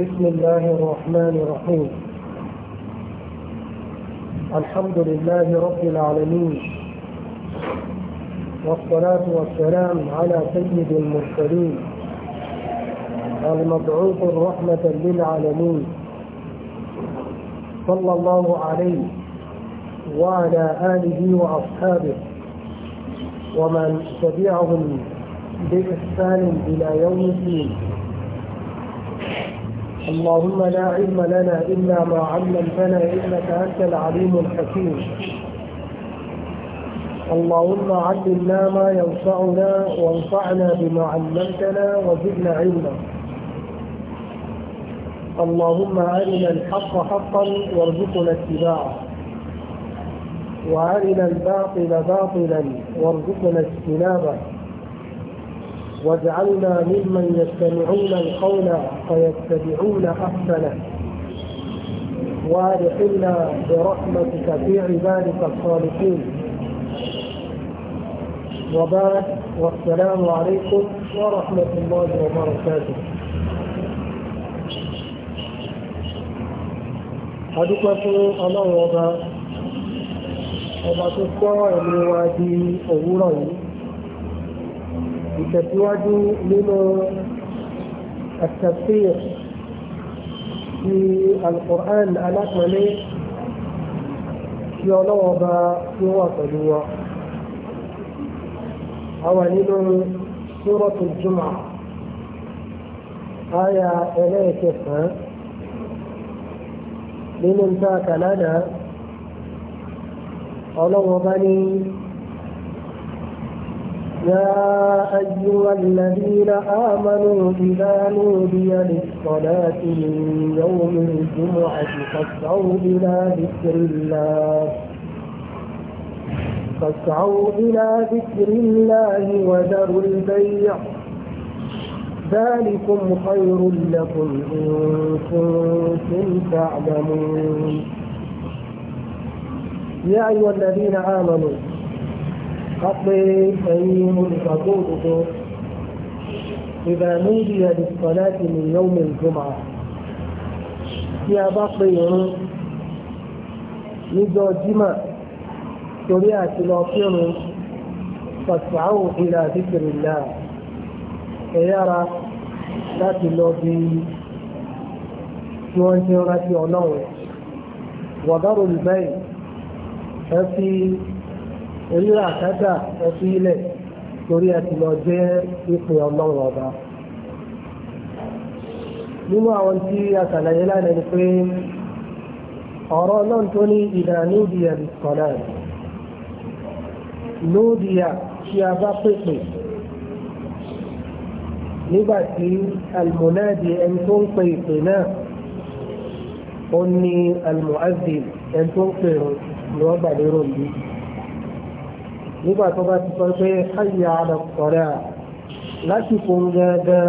بسم الله الرحمن الرحيم الحمد لله رب العالمين والصلاة والسلام على سيد المرسلين المبعوث رحمة للعالمين صلى الله عليه وعلى آله وأصحابه ومن تبعهم بإحسان إلى يوم الدين اللهم لا علم لنا إلا ما علمتنا إنك أنت العليم الحكيم اللهم علمنا ما ينفعنا وانفعنا بما علمتنا وزدنا علما اللهم أرنا الحق حقا وارزقنا اتباعه وأرنا الباطل باطلا وارزقنا اجتنابه واجعلنا ممن يستمعون القول فيتبعون احسنه وادخلنا برحمتك في عبادك الصالحين وبعد والسلام عليكم ورحمه الله وبركاته adúpẹ́ fún ọlọ́run ọba ọba tó kọ́ ẹ̀mí wa di òwúrọ̀ yìí ìtẹ̀síwájú nínú التفسير في القرآن الأكمل في لغة في وطنية أولين سورة الجمعة آية إليك لمن ساك لنا ọlọ́wọ́ bá ní يا أيها الذين آمنوا إذا نودي للصلاة من يوم الجمعة فاسعوا إلى ذكر الله فاسعوا إلى ذكر الله وذروا البيع ذلكم خير لكم إن كنتم تعلمون يا أيها الذين آمنوا ká pé ẹ̀yin olùgbàgbọ́ òdodo ìbẹ̀rẹ̀ níbi ẹ̀dùnkọ̀ láti nìyẹn omi ìjọba tí a bá pe ìrun níjọ́ jímà torí àti lọ kírun fàtàáwò ìlà àdìkìrìlà ẹ̀yára láti lọ bí tí wọ́n ṣe rántí ọlọ́run wàdárò lùbẹ́yìn ẹ fi rírà kádà ẹ̀fí ilẹ̀ torí ẹ ti lọ jẹ́ ipò ọlọ́run ọba. nínú àwọn tí a ṣàlàyé lánàá ni pé ọ̀rọ̀ náà tó ní ìdààmú ìdíyà kọ̀dà lóòdìyà tí a bá pèpè nígbà tí almunadi ẹni tó ń pe ìpè náà ó ní almuazzi ẹni tó ń pè rọ́gbàdérò yìí nígbà tó bá ti sọ pé ayé àlọ́ sọ̀rẹ́ à lásìkò gẹ́gẹ́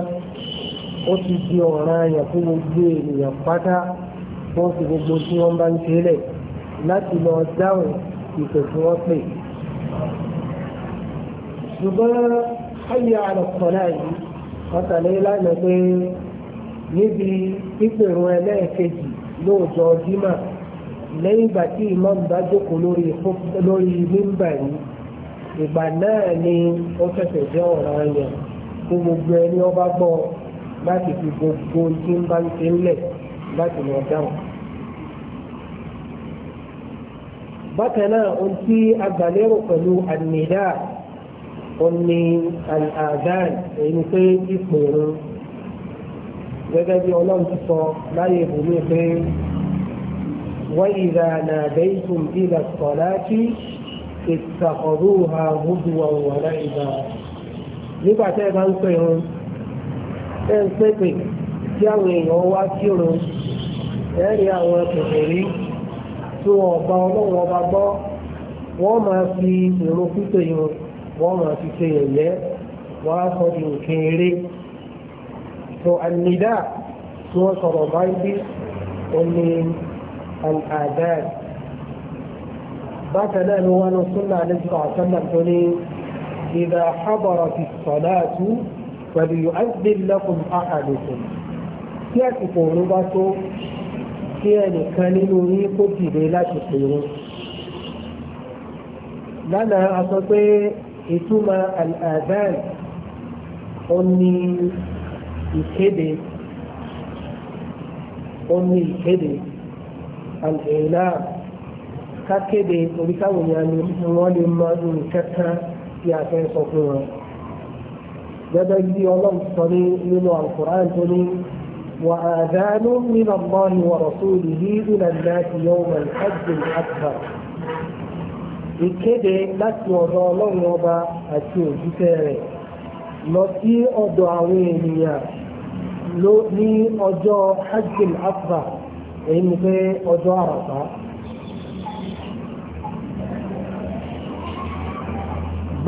ó ti di ọ̀ràn àyàn fún gbogbo ènìyàn pátá wọ́n fi gbogbo tí wọ́n bá ń ṣe lẹ̀ láti lọ dáhùn ìpè tí wọ́n pè. ṣùgbọ́n ayé àlọ́ sọ̀rẹ́ yìí wọ́n tàlẹ́ lánàá pé níbi pípèrún ẹlẹ́ẹ̀kejì lóòjọ́ dímà lẹ́yìn ìgbà tí ìmọ̀ ń bá jókòó lórí mímbà yìí ìgbà náà ni ó ṣẹ̀ṣẹ̀ jẹ́ ọ̀ràn yẹn fún gbogbo ẹni ọba gbọ́ láti fi gbogbo tí ń bá ń ṣe ń lẹ̀ láti lọ dáhùn. bákan náà ohun tí agbàlérò pẹ̀lú àmìdá òní àdáàn èyí pé ipò òun gẹ́gẹ́ bí ọlọ́run ti sọ láyé ìbùnú pé wáyé ìlànà àbẹ́yìntùn bí ìlà sọ̀láàkì اتخذوها هدوا ولعبا nígbà tẹ́ ẹ bá ń pè wọn ẹ ń pèpè tí àwọn èèyàn wá kírun ẹ rí àwọn kòkòrí tí wọn ọba ọlọ́run ọba gbọ́ wọ́n máa fi ìró pípé yìí wọ́n máa fi ṣe yẹ̀yẹ́ wọ́n á sọ di nǹkan eré tó ànídà tí wọ́n sọ̀rọ̀ báyìí ó ní àdáyé bákan náà ni wọ́n ní súnà ní sọ̀tọ́nà tó ní إذا حضرت الصلاة فليؤذن لكم أحدكم tí àsìkò òun bá tó kí ẹnìkan nínú yín kó dìde láti pèrò lánàá a sọ pé ìtumọ̀ al-adhan ó ní ìkéde ó ní ìkéde al-ilam ká kéde orí káwọn èèyàn ni wọ́n lè mọ nǹkan kan tí a fẹ́ sọ fún wọn. gẹ́gẹ́ bí ọlọ́run sọ ní nínú àkùrán tó ní وآذان من الله ورسوله إلى الناس يوم الحج الأكبر ìkéde láti ọ̀dọ̀ ọlọ́run ọba àti òjíṣẹ́ rẹ̀ lọ sí ọ̀dọ̀ àwọn ènìyàn ní ọjọ́ hajj al èyí ni pé ọjọ́ àràfá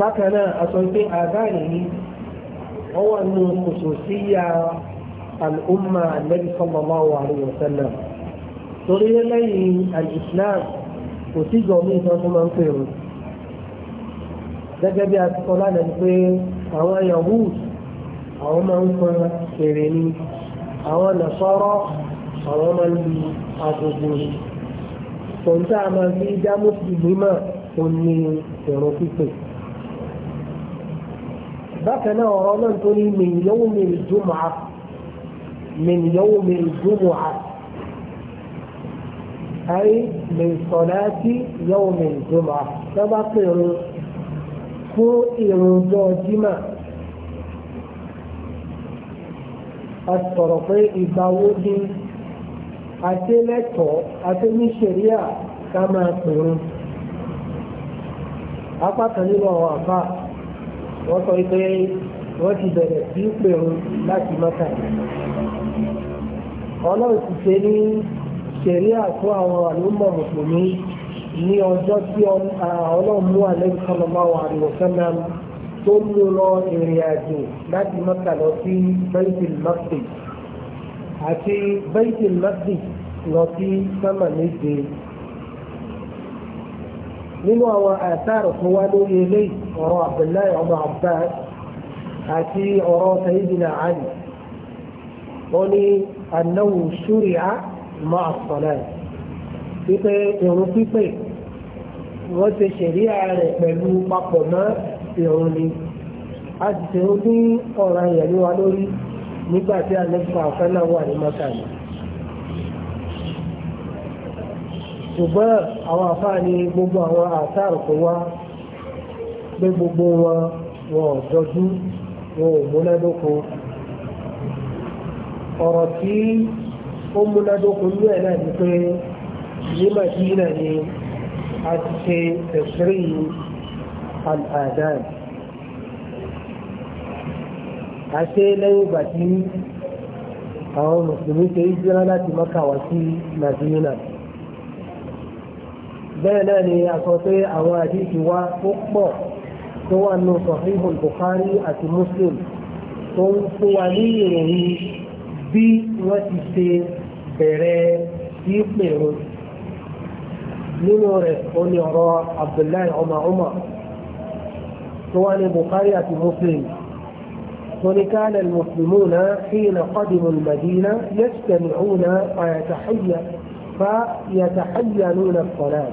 bákan náà aṣọ pé àdáyé ni wọ́n wà nínú kòsòsíyà al'umma nabi sallallahu alaihi wa sallam torí lẹ́yìn al-islam kò sí gọ̀ọ́mí ìtàn tó máa ń pèrò gẹ́gẹ́ bí a lánàá ni pé àwọn yahood àwọn máa ń pọn èrè ni àwọn nàṣọ́rọ́ àwọn máa ń lu agogo ni tòun tá a máa fi dá mùsùlùmí mà ó ní èrò bákan náà ọ̀rọ̀ náà tó ní min yawmi al-jumu'ah min yawmi al-jumu'ah ay min salati yawmi al-jumu'ah tó bá pè irun fún irun jọ jimá a sọ̀rọ̀ pé ìgbà wo ni àti lẹ́tọ̀ọ́ àti ní ṣẹ̀ríà ká máa pè irun apá kan nínú àwọn àbá wọ́n sọ pé wọ́n ti bẹ̀rẹ̀ sí pèrún láti mọ́ta ọlọ́run ti ṣe ní ṣẹ̀ríà fún àwọn àlùmọ̀ mùsùlùmí ní ọjọ́ tí ọlọ́run mú àlẹ́bí sọlọ́mọ́ àwọn àríwọ̀sánná tó ń lọ ìrìn àjò láti mọ́ta lọ sí bẹ́ńkì mọ́tì àti bẹ́ńkì mọ́tì lọ sí sánmà méje nínú àwọn àṣà àròkọ wa lórí eléyìí ọ̀rọ̀ Abdullahi ọmọ Abbas àti ọ̀rọ̀ Sayyidina Ali wọ́n ní anáwó ṣúríà máa sọ̀rọ̀ pípé irun pípé wọ́n ti ṣẹ̀ríà rẹ̀ pẹ̀lú papọ̀ mọ́ irun ni a sì ṣe o ní ọ̀rọ̀ ṣùgbọ́n àwọn ni gbogbo àwọn àṣà àrùkọ wa pé gbogbo wọn wọn ò jọjú wọn ò múnádóko ọ̀rọ̀ tí ó múnádóko ní ẹ̀ náà ni pé ní Madina ni a ti ṣe tẹ̀sírì al-adhan àṣẹ lẹ́yìn ìgbà tí àwọn mùsùlùmí ṣe ìjírá láti Mọ́kà wá sí Madina bẹ́ẹ̀ náà ni a sọ pé àwọn àdìsí wa ó pọ̀ tó wà nù sahihul Bukhari àti Muslim tó ń fún wa ní ìròyìn bí wọ́n ti ṣe bẹ̀rẹ̀ sí pèrò nínú rẹ̀ ó ní ọ̀rọ̀ Abdullahi ọmọ ọmọ tó wà ní Bukhari àti Muslim. ولكان المسلمون حين قدموا المدينة يجتمعون فيتحينون الصلاة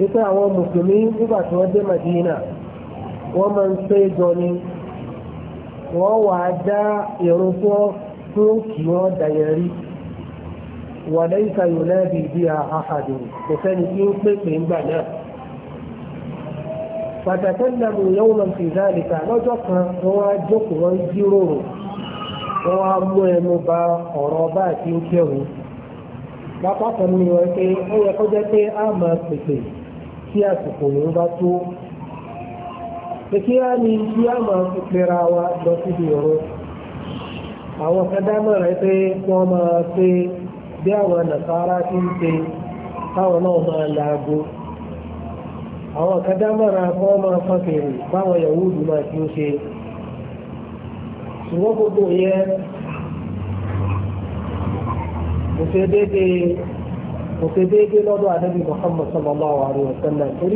إذا هو مسلمين إذا تودي مدينة wọ́n máa ń pé jọ ni wọ́n wà á dá ìrun tí wọ́n tún kì wọ́n dàyẹ̀ rí wàlẹ́ ìsàyò lẹ́bi bí i àhàdùn kò sẹ́ni tí ó pèpè ńgbà náà pàtàkẹ́lẹ́mù yóò lọ sí ìdáàlìkà lọ́jọ́ kan wọ́n á jókòó wọ́n jíròrò wọ́n á mú ẹnu ba ọ̀rọ̀ bá àti ó kẹrùn lápá wọ́n pé ó yẹ kó jẹ́ pé á máa pèpè tí àsìkò yóò bá tó pé n'i ya masu kí á máa fi pera wa lọ síbi ọ̀rọ̀ àwọn kẹdámọ̀ na pé wọ́n máa ṣe bí na nàkárá ti ń ṣe káwọn náà máa laago àwọn kẹdámọ̀ rẹ̀ wọ́n máa fọ́n fèrè na Yahudi máa ti ń ṣe ṣùgbọ́n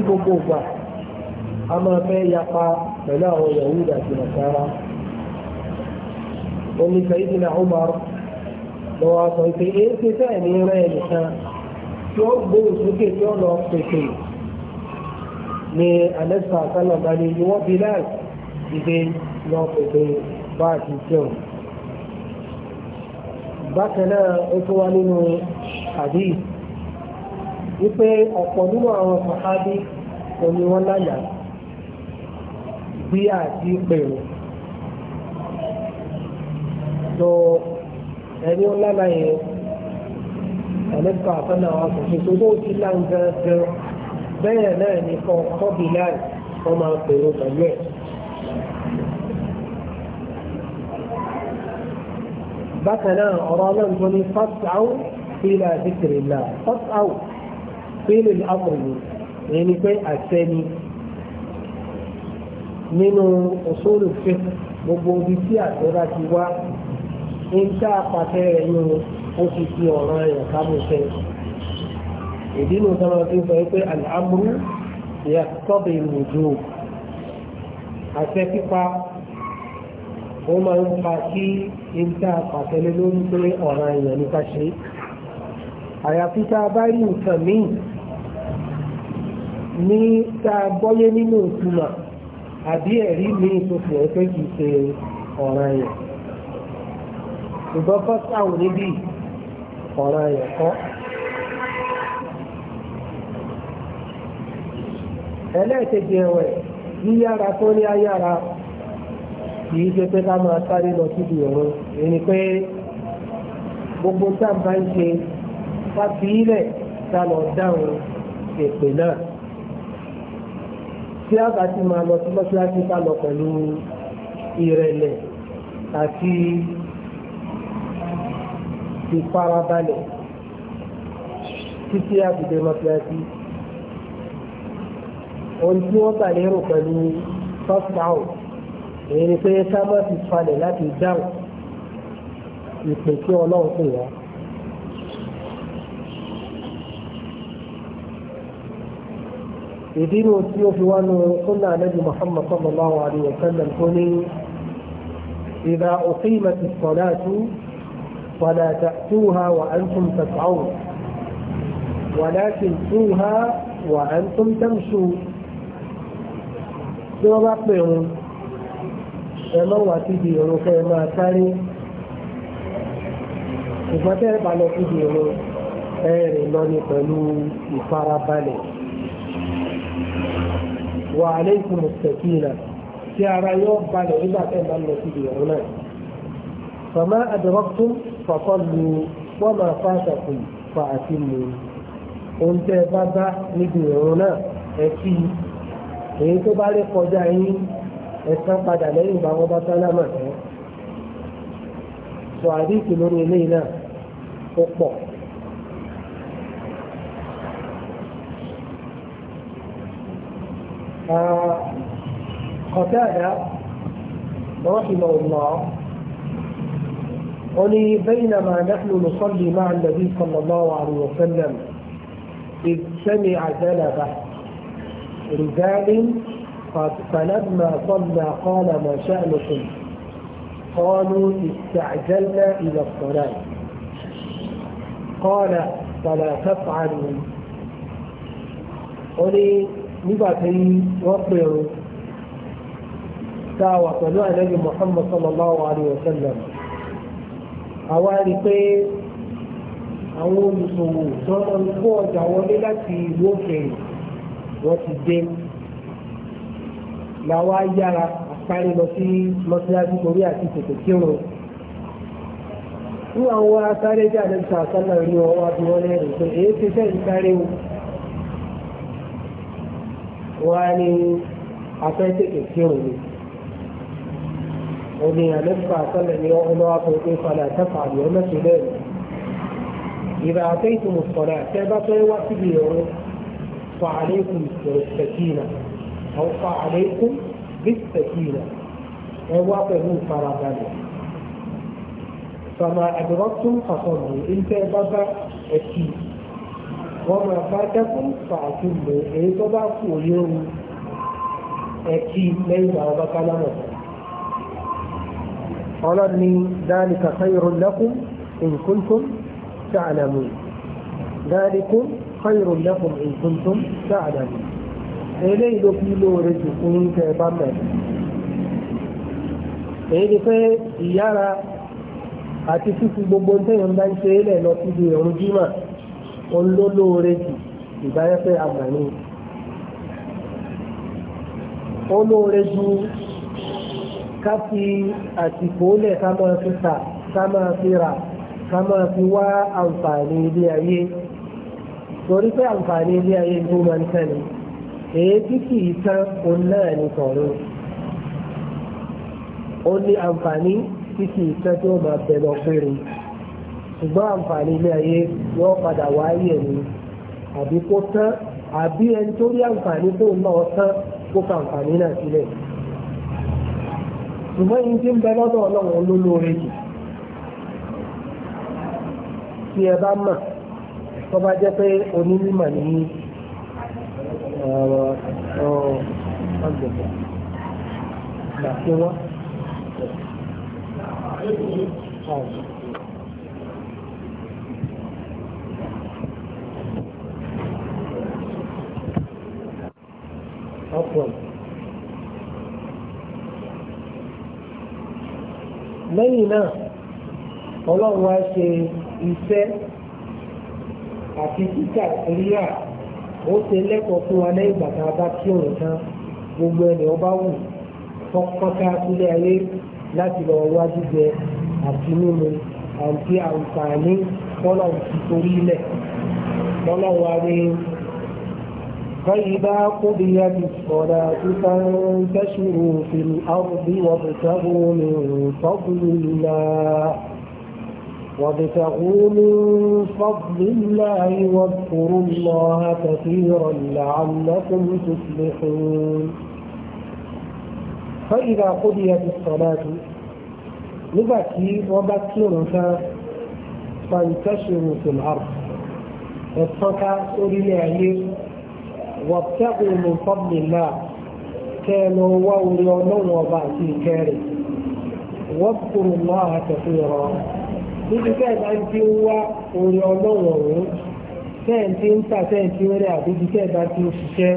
lọ́dọ̀ a máa fẹ́ yapa pẹ̀lú àwọn yahuda àti nasara omi sayidina umar lọ́wọ́ sọ pé èyí ti fẹ́ ní rẹ̀ nìkan tí ó gbóhùn sókè tí ó lọ pèsè ní alẹ́sà sálọ̀bá ni ìwọ́ bilal ìdè lọ pèsè bá àti jẹun bákan náà ó tó wá nínú hadith wípé ọ̀pọ̀ nínú àwọn sàhábí òní wọn lálàá bí àti pẹ̀lú. tó ẹni ó lálàyé ẹ̀lẹ́kọ̀ọ́ àtọ́nà àwọn àkùnfin tó ló ti lá ń gan gan bẹ́ẹ̀ náà ní kan kọ́bí láì wọ́n máa pèrò pẹ̀lú ẹ̀. bákan náà ọ̀rọ̀ náà tó ní fásitì إلى ذكر الله قطعوا فين الأمر يعني في السني nínú usul fiqh gbogbo ibi tí àtẹ́rà ti wá ń tá apàtẹ rẹ̀ nínú ó ti fi ọ̀ràn rẹ̀ kábòsẹ̀. ìdí nu sọ́nà ti sọ pé al-amru yaqtadi al-wujub àṣẹ pípa ó máa ń fa kí ń tá apàtẹ lé lórí pé ọ̀ràn èèyàn ní ṣe. àyàfi tá a bá rí nǹkan míì ní tá a gbọ́yé nínú ìtumọ̀ àbí ẹ̀rí mi tó fi hàn pé kì í ṣe ọ̀ràn yẹn ṣùgbọ́n fọ́sáwò níbí ọ̀ràn yẹn kọ́. ẹlẹ́ẹ̀kejì ẹ̀wẹ̀ yíyára tó ní ayára kì í ṣe pé ká máa sáré lọ síbi ọ̀run ẹni pé gbogbo tá à bá ń ṣe ká fi í lọ dáhùn èpè náà tí a bá ti máa lọ sí mọ́ṣáláṣí ká lọ pẹ̀lú ìrẹ̀lẹ̀ àti ìfarabalẹ̀ títí a fi dé mọ́ṣáláṣí. ohun tí wọ́n gbà lérò pẹ̀lú tọ́sítàù èyí ni pé ká má fi falẹ̀ láti dáhùn ìpè tí ọlọ́run pè wá. ìdínú tí ó fi wá nu sunna nabi muhammad sallallahu alayhi wa sallam tó ní ìdá òfin mati sọ̀dáàtú فلا تأتوها وأنتم تسعون ولكن توها وأنتم تمشون tí wọ́n bá pè wọn ẹ má wà síbi ìrún kẹ́ ẹ máa sáré ṣùgbọ́n tẹ́ ẹ bá lọ síbi ìrún ẹ rìn lọ ní pẹ̀lú ìfarabalẹ̀ wà alaykum as-sakinah tí ara yóò balẹ̀ nígbà tẹ́ máa ń lọ síbi ìrún náà. fama adraktum fasallu wa ma fatakum fa atimmu. ohun tẹ́ ẹ bá bá níbi ìrún náà ẹ fi èyí tó bá lè kọjá yín ẹ̀sán padà lẹ́yìn ìgbà wọn bá sálámà tán. sọ àdìsí lórí eléyìí náà ó pọ̀. قتادة رحمه الله قل بينما نحن نصلي مع النبي صلى الله عليه وسلم إذ سمع ذنبه رجال فلما صلى قال ما شأنكم قالوا استعجلنا إلى الصلاة قال فلا تفعلوا قل nígbà tí wọ́n pèrò dáwà pẹ̀lú àlẹ́bí Muhammad sallallahu alayhi wa sallam àwa rí pé àwọn olùsòwò tó ń kó ọjà wọlé láti ìlú òkèèrè wọ́n ti dé làwa yára àpárí lọ sí mọ́sálásí torí àti tètè kírun ní àwọn asáré jáde ṣàkánná ní ọwọ́ àti wọlé rẹ̀ pé èyí ti fẹ́ ìsáré o. wọ́n á ní afẹ́tẹ̀kẹ̀ kírun ni òní àlẹ́fà sọ́lẹ̀ ní ọlọ́wà tó pé padà tẹ́fà ní ọlọ́sẹ̀ lẹ́nu ìbá àtẹ́yìntì mùsùlùmí àtẹ́ bá fẹ́ wá síbi ìrún fàálẹ́kùn ìsẹ̀kìnà àwọn fàálẹ́kùn ìsẹ̀kìnà ẹ wá pẹ̀lú ìfarabalẹ̀ sọmọ àdúrọ́tún àtọ̀nù ìtẹ́ bá bá ẹ̀kì wọ́n máa bá dẹ́kun fàákì lò èyí tó bá kù ní ohun ẹ̀kí lẹ́yìn àwọn bá kálámà. ọlọ́ni dáríkà khayrun lakum in kuntum ta'lamun dáríkùn khayrun lakum in kuntum ta'lamun. eléyìí ló fi lóore jù fún kẹ bá mẹ́rin. èyí ni pé ìyára àti fífi gbogbo ń tẹ̀yìn bá ń ṣe é lẹ̀ lọ síbi ìrún jímà olólóore jù ìbáyẹ́fẹ́ àgbàní olóore jù ká fi àsìkò lẹ̀ ká máa fi tà ká máa fi rà ká máa fi wá àǹfààní ilé ayé torí pé àǹfààní ilé ayé ló máa ń tẹ̀lé èyí tí kì í tán òun náà ní sọ̀rọ̀ ó ní àǹfààní tí kì í tán tí ó máa bẹ̀ lọ ṣùgbọ́n àǹfààní ilé ayé yóò padà wáyé ẹ̀mí àbí kó tán àbí ẹni tó rí àǹfààní tó ń náà tán kó fa àǹfààní náà sílẹ̀. ṣùgbọ́n yìí ti ń bẹ lọ́dọ̀ ọlọ́run olólóore jù tí ẹ bá mọ̀ tó bá jẹ́ pé onímọ̀ ní ọgbẹ̀gbẹ̀ làkúnwá. Thank you. from. lẹ́yìn náà ọlọ́run wá ṣe iṣẹ́ àti títà ríà ó ṣe lẹ́kọ̀ọ́ fún wa lẹ́yìn bàtà bá kí òun tán gbogbo ẹni ọba wù kọ́kọ́ká sílé ayé láti lọ wá jíjẹ àti mímu àti àǹfààní tọ́lọ̀ ti torí ilẹ̀ tọ́lọ̀ wa ní. فإذا قضيت الصلاة فانتشروا في الأرض وابتغوا من فضل الله وابتغوا من فضل الله واذكروا الله كثيرا لعلكم تفلحون فإذا قضيت الصلاة نبكي وبكرك فانتشروا في الأرض اتفقى أولي العلم وابتغوا من فضل الله كانوا ووليون وبعثي كاري واذكروا الله كثيرا níbi tẹ́ bá ń ti ń wá orí ọlọ́run ọ̀hún tẹ́ ń ti ń tà tẹ́ ń ti rẹ̀ àbíbi tẹ́ bá ti ń ṣiṣẹ́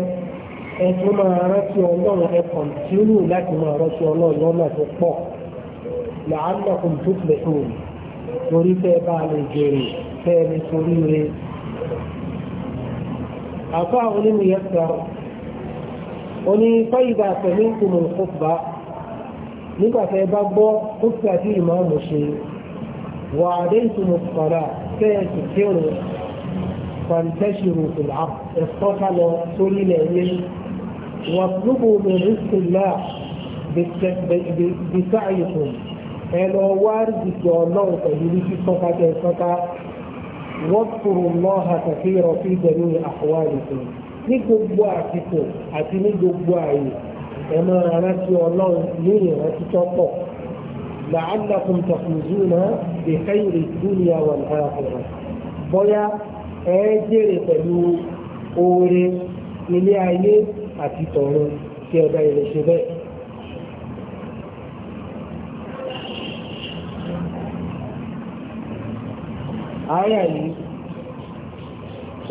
ẹ máa rántí ọlọ́run ẹ kọ̀ǹtínú láti máa rántí ọlọ́run lọ́nà tó pọ̀ làálọ̀kùn tó pẹ̀lú torí tẹ́ bá lè jèrè tẹ́ lè torí rẹ̀ àfáà onímìyẹ́sà oní fáyidà sẹ̀míǹtìmù kúkúbà nígbà tẹ́ bá gbọ́ kúkúbà tí ìmáàmù ṣe wà àdéhùtùmù kọ̀dà tẹ́ẹ̀sì kírun fàǹtẹ́ṣìrù fìlà ẹ̀fọ́ká lọ sórí lẹ́yìn واطلبوا من رزق الله بسعيكم ẹlọ wá rìsìkì ọlọ́run pẹ̀lú wíkí sọ́kàtẹ̀ واذكروا الله كثيرا في جميع أحوالكم ní gbogbo àsìkò àti ní gbogbo ààyè ẹ máa rántí ọlọ́run ní ìrántí tọ́pọ̀ la'allakum tafuzuna bi khayri dunya wal akhirah bóyá ẹ jèrè pẹ̀lú oore ilé ayé àti tọ̀run tí ẹ bá bẹ́ẹ̀. àyà yìí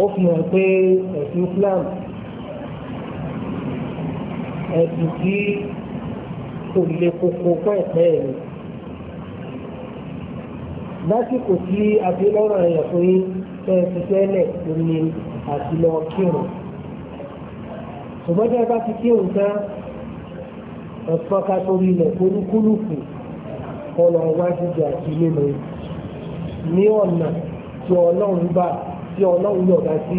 ó fi hàn pé ẹ̀sìn Islam ẹ̀sìn tí kò le koko pẹ́ẹ̀pẹ́ ẹ̀ ni lásìkò tí abilọ́rọ̀ ẹ̀yà fún yín fẹ́ẹ́ fi tẹ́lẹ̀ omi àti lọ kírun ṣùgbọ́n tí a bá ti kírun tán ẹ̀fọ́ ká torí ilẹ̀ kólúkúlùkù kọlọ̀ wájú àti mímu ní ọ̀nà tí ọlọ́run gbà tí ọlọ́run yọ̀dá sí.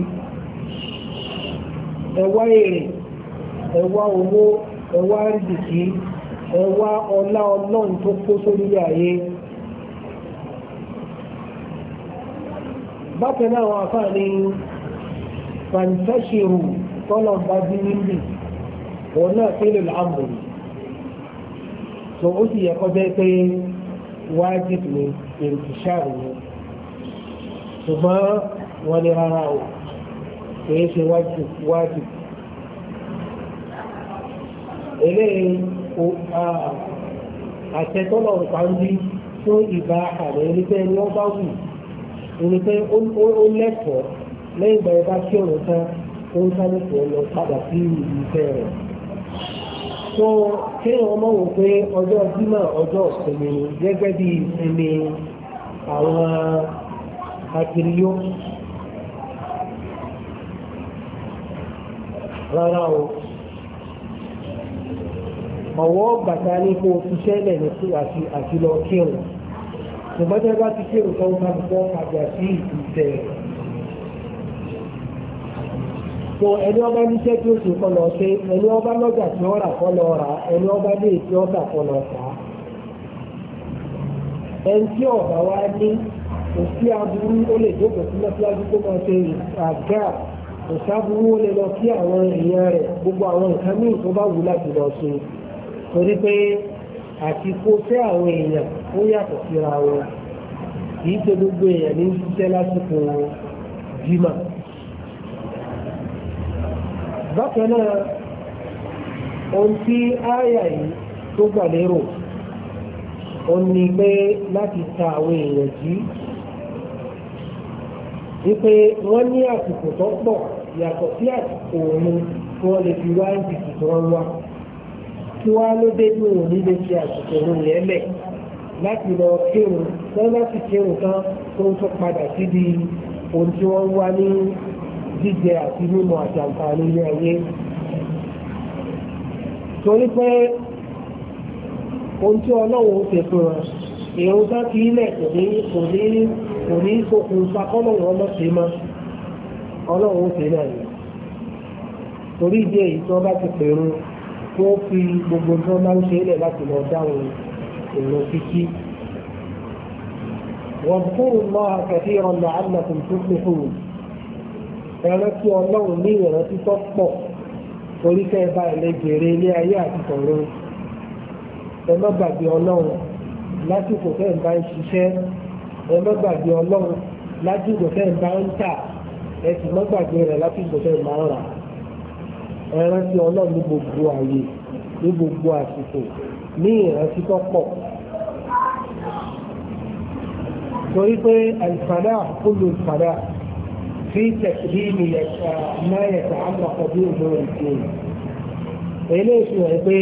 ẹ wá èrè ẹ wá owó ẹ wá rìdìkì ẹ wá ọlá ọlọ́run tó kó sórí ayé. bákan náà àwọn afáàní fàǹtẹ́ṣirù tọ́lọ̀ bá bí níbi òun náà sílẹ̀ láàmùrù tó ó sì yẹ kọjá pé wájú ni èrìkìṣà rèé ṣùgbọ́n wọ́n lè rárá o kìí ṣe wájú eléyìí àtẹ́tọ́lọ̀ ìpàndí fún ìbá àrẹ onípẹ́ ni wọ́n bá wù onípẹ́ ó lẹ́tọ̀ọ́ lẹ́yìn ìgbà ìbá kí ọ̀rọ̀ tán ó ń sálẹ̀kù ọ̀nà padà sí ìfẹ́ rẹ̀ so kéèyàn mọ̀ wò pé ọjọ́ Jímọ̀ ọjọ́ ìsinmi gẹ́gẹ́ bí ìsinmi àwọn a kiri yó rárá o ọ̀wọ́ bàtà ní kó fi sẹ́lẹ̀ ní kú àti àti lọ kírun ṣùgbọ́n tí wọ́n bá ti kírun tó ń bá ti fọ́ àjà sí ìtẹ̀ so ẹni ọba níṣẹ́ tí ó ṣe kọ́ lọ ṣe ẹni ọba lọ́jà tí ó rà kọ́ rà ẹni ọba ní èsì ọ̀sà kọ́ lọ ẹni tí ọ̀bà wa ní kò sí aburú ó lè jókòó sí mọ́sílájú tó máa ṣe àgbà kò sáburú ó lè lọ sí àwọn èèyàn rẹ̀ gbogbo àwọn nǹkan míì tó bá wù láti lọ ṣe torí pé àti kó fẹ́ àwọn èèyàn ó yàtọ̀ síra wọn kìí ṣe gbogbo èèyàn ní ṣiṣẹ́ lásìkò jimá. bákan náà ohun tí ááyà yìí tó gbà lérò ó ní pé láti ta àwọn èèyàn jí wípé wọ́n ní àsìkò tó pọ̀ yàtọ̀ sí àsìkò òun tí wọ́n lè fi wá ìdìbò tó wá kí wá ló dé ní òun nílé ṣe àsìkò òun yẹn lẹ̀ láti lọ kírun lọ láti kírun tán tó ń tún padà síbi ohun tí wọ́n wá ní jíjẹ àti mímu àti àǹfààní ayé torí pé ohun tí ọlọ́run ṣe fún èrò bá ilẹ̀ kò ní kò kò ní ṣokùnfà kọ́lọ́run ọmọ ṣe mọ́ ọlọ́run ṣe náà ni torí ìdí èyí tí wọ́n bá ti pèrò kó fi gbogbo tí wọ́n bá ń ṣe é lẹ̀ láti lọ dáhùn èrò kíkí. واذكروا الله كثيرا لعلكم تفلحون ẹ̀rántí ọlọ́run ní ìrántí tó pọ̀ torí kẹ́ bá ẹ lè jèrè ilé ayé àti tọ̀run ẹ má gbàgbé ọlọ́run lásìkò tẹ́ bá ń ṣiṣẹ́ ẹ má gbàgbé ọlọ́run lájúgbò tẹ́ ń bá ń tà ẹ sì má gbàgbé rẹ̀ lájúgbò tẹ́ ń bá ń rà ẹ rántí ọlọ́run ní gbogbo ààyè ní gbogbo àsìkò ní ìrántí tó pọ̀ torí pé àìsàdá kúlù ìsàdá fi tẹ̀sílì máa yẹ̀sà àmọ̀kọ̀ bí òun ò ṣe eléyìí fi hàn pé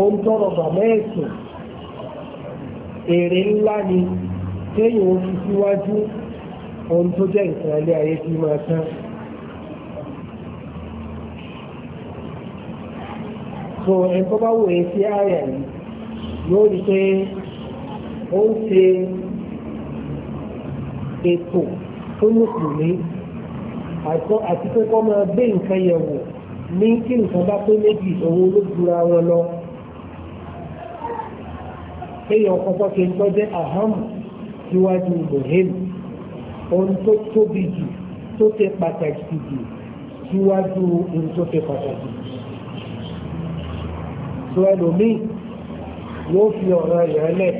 ó tọrọ bàmẹ́ẹ̀sùn èrè ńlá ni téèyàn ó fi síwájú ohun tó jẹ́ nǹkan ilé ayé tí máa tán. so ẹ̀kọ́ bá wòye sí àyà yìí yóò rí pé ó ń ṣe ètò tó nùkùnmí àti pé kọ́ máa gbé nǹkan yẹ̀wò ní kí nǹkan bá pé méjì òun ló dura wọn lọ kéèyàn kọ́kọ́ ṣe ń tọ́jú aham síwájú mohim ohun tó tóbi jù tó ṣe pàtàkì jù síwájú ohun tó ṣe pàtàkì jù. sọ ẹlòmíì yóò fi ọ̀rọ̀ rẹ̀ lẹ̀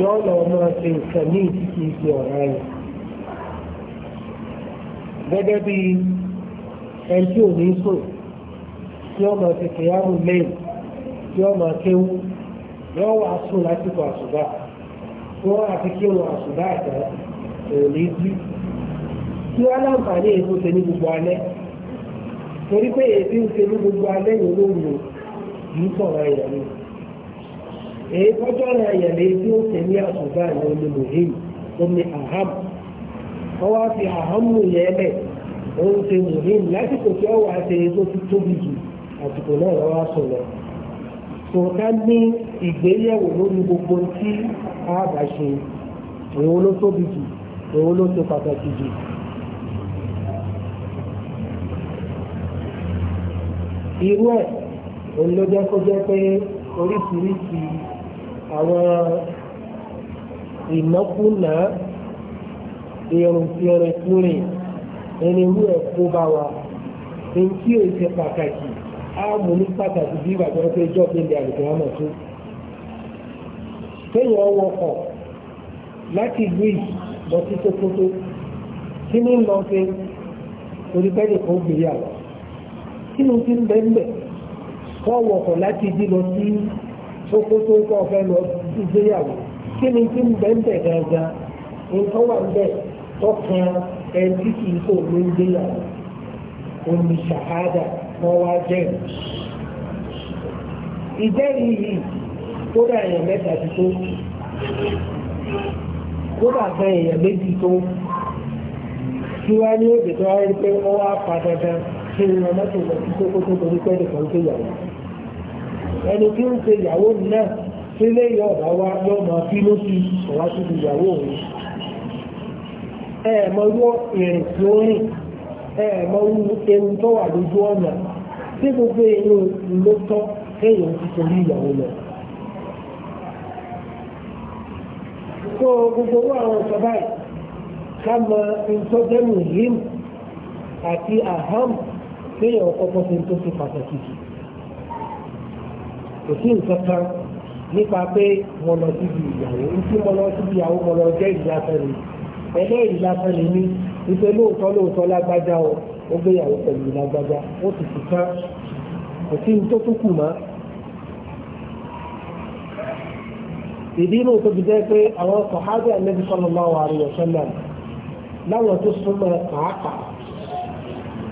yóò lọ máa ṣe nǹkan ní ìdíje ìdí ọ̀rọ̀ rẹ̀. gẹ́gẹ́ bí ẹni tí ò ní sùn tí ó máa ṣe kìyàmù lẹ́yìn tí ó máa kéwú. wọ́n wà sùn lásìkò àṣùbà wọ́n àti kí wọn àṣùbà àtà òní jí kí wọ́n láǹfààní èso ṣe ní gbogbo alẹ́ torí pé èsì ń gbogbo alẹ́ yìí ló lò yìí sọ̀rọ̀ ẹ̀yà ni èyí tọ́jú fi aham mú yẹn lẹ̀ òun ṣe mohim lásìkò tí ó wa ṣe ká ní ìgbéyẹ̀wò lórí gbogbo tí a bá ṣe èwo ló tóbi jù èwo ló ṣe pàtàkì jù. irú ẹ̀ òun ló jẹ́ kó jẹ́ pé oríṣiríṣi àwọn ìnákúnà irun tí ọrẹ kúrin ẹni irú ẹ̀ kó bá wa ẹni tí èyí ṣe pàtàkì. á mú ní pàtàkì bí ìgbà tó ń pé jọ́ gbélé àlùkò àmọ̀ tó. kéèyàn láti lọ sí Sókótó kí ní lọ pé orí pẹ́ẹ́lì kan gbèrè àwọn kí ló ti ń bẹ́ẹ̀ bẹ́ẹ̀ kọ́ láti lọ sí Sókótó kọ́ fẹ́ lọ ìgbéyàwó kí ni ń ń bẹ̀ nǹkan wà ẹni tí kì wọ́n wá jẹ́rìí. ìjẹ́rìí yìí kódà èèyàn mẹ́ta ti tó kódà gan èèyàn méjì tó tí wá ní èdè tó wáyé pé wọ́n wá pa dandan kí ni wọn mọ́tò lọ sí kókó tó torí pé nìkan tó yàwó ẹni tí ń ṣe ìyàwó náà tí lè yọ ọ̀dà wa yọ ọmọ bí ló fi ọ̀wá sí ìyàwó òun ẹ̀ẹ̀mọ́ yọ ìrìn tí ó rìn ẹ̀ẹ̀mọ́ ewu tó wà lójú ọ̀nà tí gbogbo èèyàn ló tọ́ kéèyàn ti torí ìyàwó lọ. tó gbogbo owó àwọn ọ̀sán báyìí ká mọ ìtọ́jẹ́mù yìí àti àhám kéèyàn kọ́kọ́ fi tó ṣe pàtàkì jù. kò sí nǹkan kan nípa pé mo lọ síbi ìyàwó ntí mo lọ síbi ìyàwó mo lọ jẹ́ ìyá fẹ́ mi. ẹlẹ́rìí lásán ni mí wípé lóòótọ́ lóòótọ́ lágbájá o ó gbéyàwó pẹ̀lú lágbájá ó sì ti tán kò sí ní tó tún kù mọ́. ìdí inú tó jẹ́ pé àwọn sọ̀hábì àlẹ́bí sallallahu alaihi wasallam láwọn tó súnmọ́ pàápàá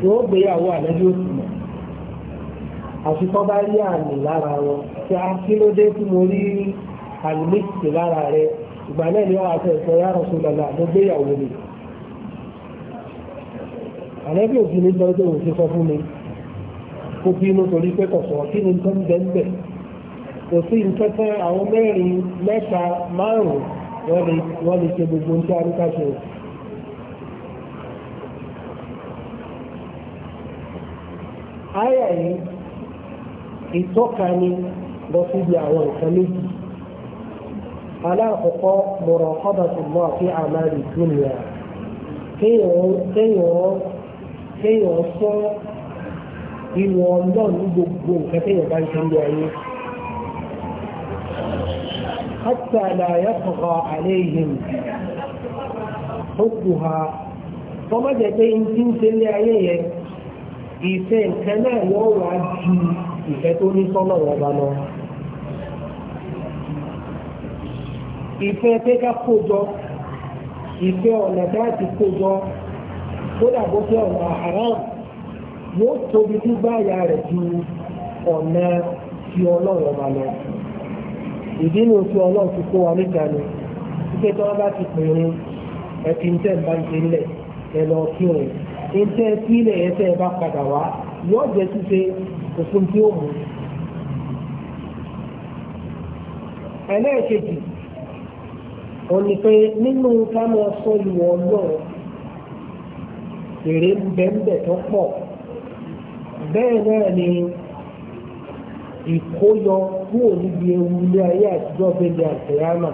yóò gbéyàwó àlẹ́bí ó sì mọ̀ àti tó bá rí àmì lára wọn tí a kí ló dé tí mo rí àlùmíìsì lára ìgbà náà ni wọ́n á fẹ́ ìfẹ́ yára sùn lọ́la mo gbé ìyàwó mi àlẹ́bí òbí mi lọ sí òun ti sọ fún mi kó bí inú torí pé kọ̀sọ̀ kí ni nǹkan bẹ́ẹ̀ bẹ́ẹ̀ kò sí nǹkan àwọn mẹ́rin mẹ́ta márùn-ún wọ́n lè ṣe gbogbo ní àríkà ṣe àyà yìí ìtọ́ka ni lọ síbi àwọn nǹkan méjì aláàkọ́kọ́ مراقبة الله في أعمال الدنيا kéèyàn sọ ìwọ̀n ọlọ́run ní gbogbo nǹkan kéèyàn bá ń ṣe ń lé ayé. حتى لا يطغى عليهم حبها فما جدي ان تنسى اللي عليه ìfẹ́ nǹkan náà yóò wá ju ìfẹ́ tó ní sọ́nà wọn bá lọ. ìfẹ́ pé ká kójọ ìfẹ́ ọ̀nà láti kójọ kódà bó fẹ́ ọ̀nà haram yóò tóbi tí báyà rẹ̀ ju ọ̀nà ti ọlọ́run ọba lọ. ìdí ni oṣù ọlọ́run ti kó wa níta ni wípé tí wọ́n bá ti pè é ẹtì ń tẹ̀ bá ń ti lẹ̀ ẹ lọ kí o ń tẹ́ sílẹ̀ ẹ tẹ́ ẹ bá padà wá yóò jẹ́ ṣíṣe òfin tí ó mú. ẹlẹ́ẹ̀kejì wọ́n ní pé nínú ká lọ sọ ìwọ ọlọ́run èrè ń bẹ ń bẹ tó pọ̀ bẹ́ẹ̀ náà ni ìkóyọ kúrò níbi ewu ilé ayé àtijọ́ bẹ́ẹ̀ àtẹ̀yámà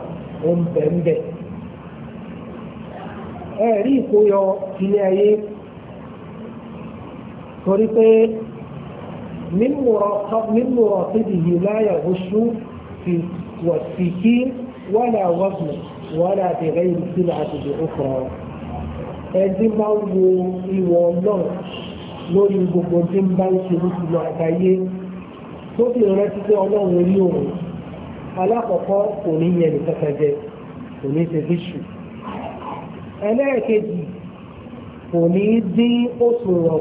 ó ń bẹ ń bẹ. ẹ ìkóyọ ilé ayé torí pé mímú ọ̀rọ̀ síbi láyà oṣù fi wọ̀ sí kí wọ́n lè wọ́n sùn. ولا بغير سلعة بأخرى ẹdín bá ń wo ìwọ náà lórí gbogbo tí ń bá ń ṣe lóṣùlọ àgbáyé tó sì rántí pé ọlọ́run orí òun alákọ̀ọ́kọ́ kò ní yẹn nìkan kan jẹ kò ní ṣe fíṣù ẹlẹ́ẹ̀kejì kò ní dín oṣù rọ̀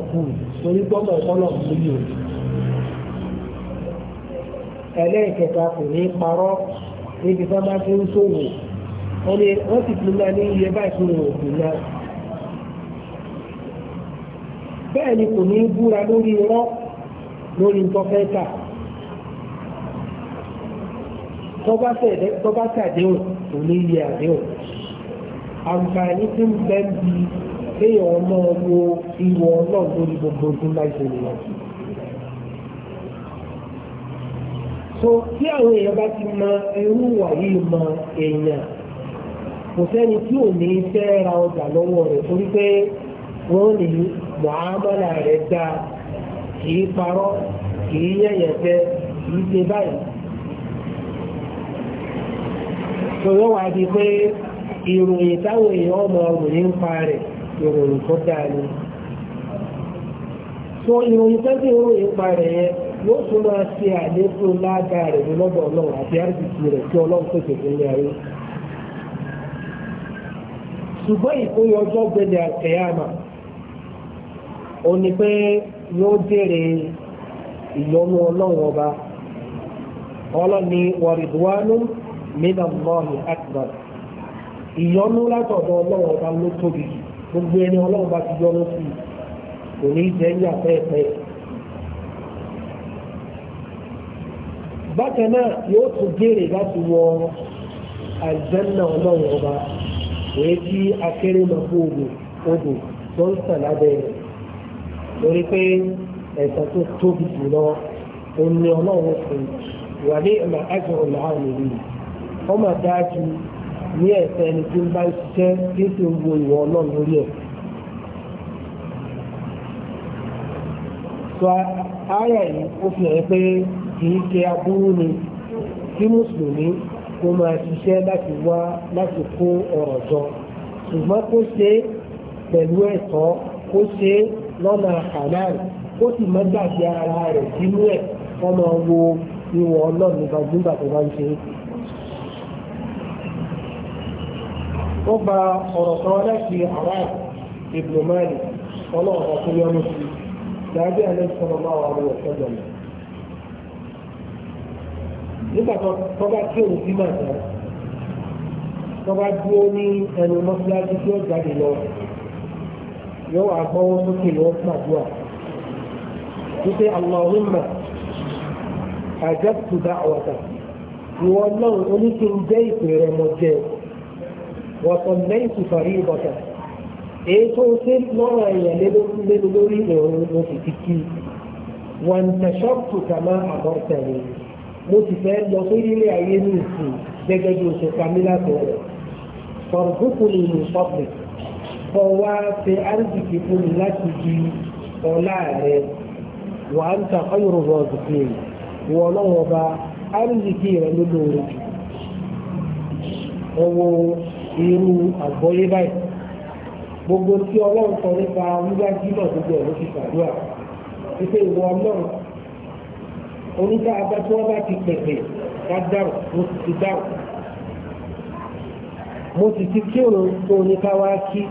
torí gbọ́dọ̀ ọ̀pọ̀lọ̀ lórí òun ẹlẹ́ẹ̀kẹta kò ní parọ́ níbi tí wọ́n bá ti ń ṣòwò wọ́n ní wọ́n sì fún náà ní iye báyìí fún òògùn náà. bẹ́ẹ̀ ni kò ní búra lórí irọ́ lórí tọ́fẹ́tà tọ́bá tàdéhùn kò ní iye àdéhùn àǹfààní tí ń bẹ́ ń bi kéèyàn ọmọ wo ìwọ ọlọ́run lórí gbogbo ojú máa ṣe nìyẹn. so tí àwọn èèyàn bá ti mọ irú wàyí mọ èèyàn kò sẹ́ni tí ò ní fẹ́ ra ọjà lọ́wọ́ rẹ̀ torí pé wọ́n ní mọ̀ámọ́là rẹ̀ dáa kì í parọ́ kì í yẹ̀yẹ̀ fẹ́ kì í ṣe báyìí. Sọ̀rọ̀ wá di pé ìròyìn táwọn èèyàn ọmọ ọ̀rùn ń pa rẹ̀ ìròyìn tó dáa ni. Sọ ìròyìn tó ìròyìn pa rẹ̀ yẹn yóò tún máa ṣe àlékún ládàá rẹ̀ lọ́dọ̀ ọlọ́run àti àrùbìtì rẹ̀ tí ọlọ́run tó ṣe fún ní ayé ṣùgbọ́n ìkóyọ ọjọ́ gbẹ̀dẹ̀ àkẹyàmà ó ní pé yóò jèrè ìyọnu ọlọ́run ọba ọlọ́ni wàrìdùwánú mìíràn lọ́ọ̀nì akbar ìyọnu látọ̀dọ̀ ọlọ́run ọba ló tóbi gbogbo ẹni ọlọ́run bá ti yọnu sí i kò ní jẹ́ yà pẹ́ẹ́pẹ́. bákan náà yóò tún jèrè láti wọ àìjẹ́ náà ọlọ́run ọba èyí tí akéré lọ fún odò odò tó ń sàn lábẹ́ rẹ̀ lórí pé ẹ̀sán tó tóbi jù lọ òní ọlọ́run fún wà ní ìmọ̀ ẹ̀sán ọ̀làwọn ìlú wọ́n máa dájú ní ẹ̀sẹ̀ ẹni tí ń bá ń ṣiṣẹ́ tí ó ń wo ìwọ ọlọ́run lórí ẹ̀. sọ ara yìí ó fi hàn pé kì í ṣe aburú ni kí mùsùlùmí kó máa ṣiṣẹ́ láti wá láti kó ọ̀rọ̀ jọ ṣùgbọ́n kó ṣe pẹ̀lú ẹ̀tọ́ kó ṣe lọ́nà àkànáàrì kó sì má gbàgbé ara rẹ̀ sínú ẹ̀ kó máa wo ìwọ̀n ọlọ́run nípa nígbà tó bá ń ṣe. wọ́n gba ọ̀rọ̀ kan láti àwọn ìbùdó mẹ́rin ọlọ́run ọ̀tún yọnu sí i dàbí àlẹ́ sọ̀rọ̀ máa wà lọ́wọ́ sọ́jọ́ mi nígbà tó bá kí òun bímọ tán tó bá dúró ní ẹnu mọ́síláṣí tí ó jáde lọ yóò wá gbọ́wọ́ sókè lọ pàdúrà wípé Allahumma ajabtu da'watak ìwọ náà oníkì ń jẹ́ ìpè rẹ̀ mọ̀ jẹ́ wọ̀sán lẹ́yìn tùfàrí ìbọ̀tà èyí tó ṣe lọ́rọ̀ èèyàn lé ìròyìn oṣù kíkí wọn tẹ̀sọ́ọ̀tù kàmá àbọ̀tà nìyí. mo ti fẹ́ lọ sórí ilé ayé ní ìsìn gẹ́gẹ́ bí oṣù kamilato rẹ̀ fọ̀rọ̀dúnkù ní ṣe fún mi láti di ọ̀la rẹ̀ wà á ń ta rọ̀dù pé wọ́n bá rẹ̀ ló lóore jù irú báyìí gbogbo tí ọlọ́run sọ nípa wíwájú náà gbogbo ẹ̀ ló onídá abá tí wọ́n bá ti pẹ̀pẹ̀ ká dárò mo sì ti dárò mo sì ti kírun tó oníká wá kí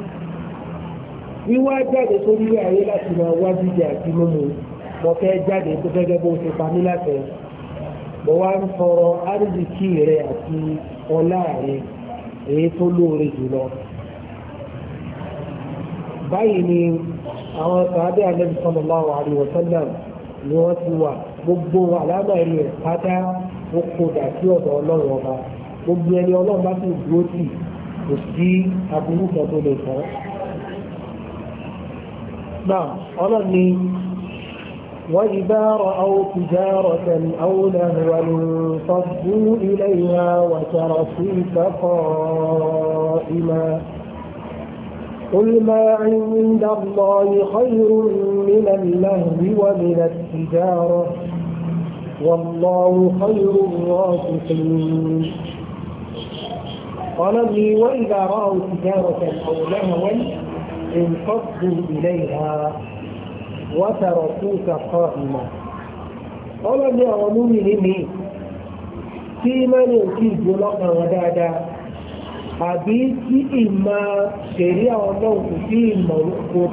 wíwá jáde sórí ayé láti máa wá jíjẹ àti mímu mo fẹ́ jáde tó gẹ́gẹ́ bó ṣe pa mí láti mo wá ń fọ̀rọ̀ áríjìkì rẹ àti ọlá rẹ èyí tó lóore jùlọ báyìí ni àwọn sàádé àlẹ́bí sallallahu alaihi wa sallam ni wọ́n ti wà gbogbo àlámà ẹni ẹ̀ pátá ó kodà sí ọ̀dọ̀ ọlọ́run ọba gbogbo ẹni ọlọ́run bá sì dúró tì kò sí aburú kan tó lè kàn. náà ọlọ́run ni wọ́n yí bá rọ àwọn tìjárọ̀ tẹ̀lé àwọn olùrànlọ́wọ́ fọ́dún ilé ìhà wàtàrà sí ìtàkọ́ ìmọ̀. قل ما عند الله خير من اللهو ومن التجارة والله خير الرازقين قال لي وإذا رأوا تجارة أو لهوا انفضوا إليها وتركوك قائما قال لي أولوني لمي في من يجيب لك ودادا حديث إما شريع الله في kò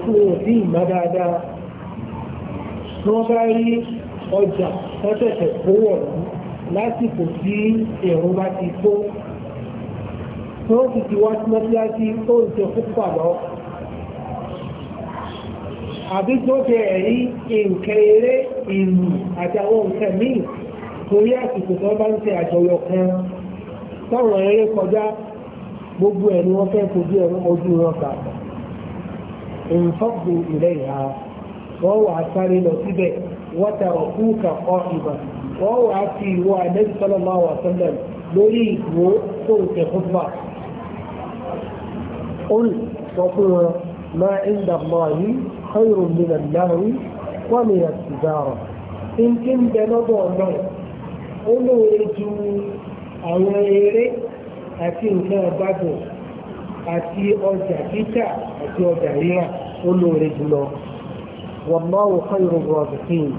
sí مدادا kò tó wọ́n ṣẹ̀ṣẹ̀ kó wọ̀lú lásìkò tí èrò bá ti tó tí wọ́n fi ti wá sí mọ́tíláṣí tó ń ṣe púpà lọ. àbí tó ṣe ẹ̀rí nǹkan eré ìlú àti àwọn nǹkan míì torí àsìkò tó bá ń ṣe àjọyọ̀ kan táwọn eré kọjá gbogbo ẹ̀ ni wọ́n fẹ́ fojú ẹ̀rọ ojú wọn kà ń fọ́gbù ilé ìhà wọ́n wà sáré lọ síbẹ̀. وتركوك قائما وهو عتي هو النبي صلى الله عليه وسلم لوري وقلت خطبة قل وقل ما عند الله خير من اللهو ومن التجارة إن كنت نظر الله قلوا يجوا أو يري أتي كان بدو أتي أرجع كتا أتي أرجع هنا قلوا يجوا والله خير rọ̀bìkìn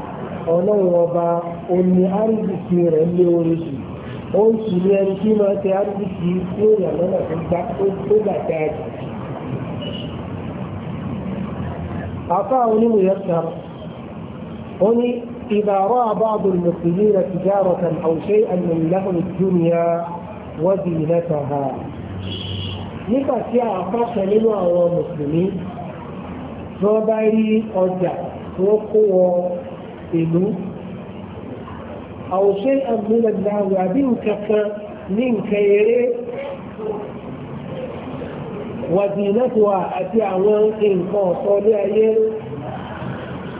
ọlọ́run ọba òní àrídìkì rẹ̀ lé orí jù ó ń sì ní ẹni tí máa tẹ àrídìkì tí ó yà lọ́nà tó gbà tó gbà dáa jù. àfa onímọ̀ yẹn kan ó ní إذا رأى بعض المسلمين تجارة أو شيئا من لهم الدنيا وزينتها nígbà tí a fàṣẹ nínú àwọn mùsùlùmí tí wọ́n bá rí ọjà tí wọ́n kó wọ ìlú àwòṣe àgbélẹ̀dáwò àbí nǹkan kan ní nǹkan eré wàdìnàtòwà àti àwọn nǹkan ọ̀sọ́ ilé ayé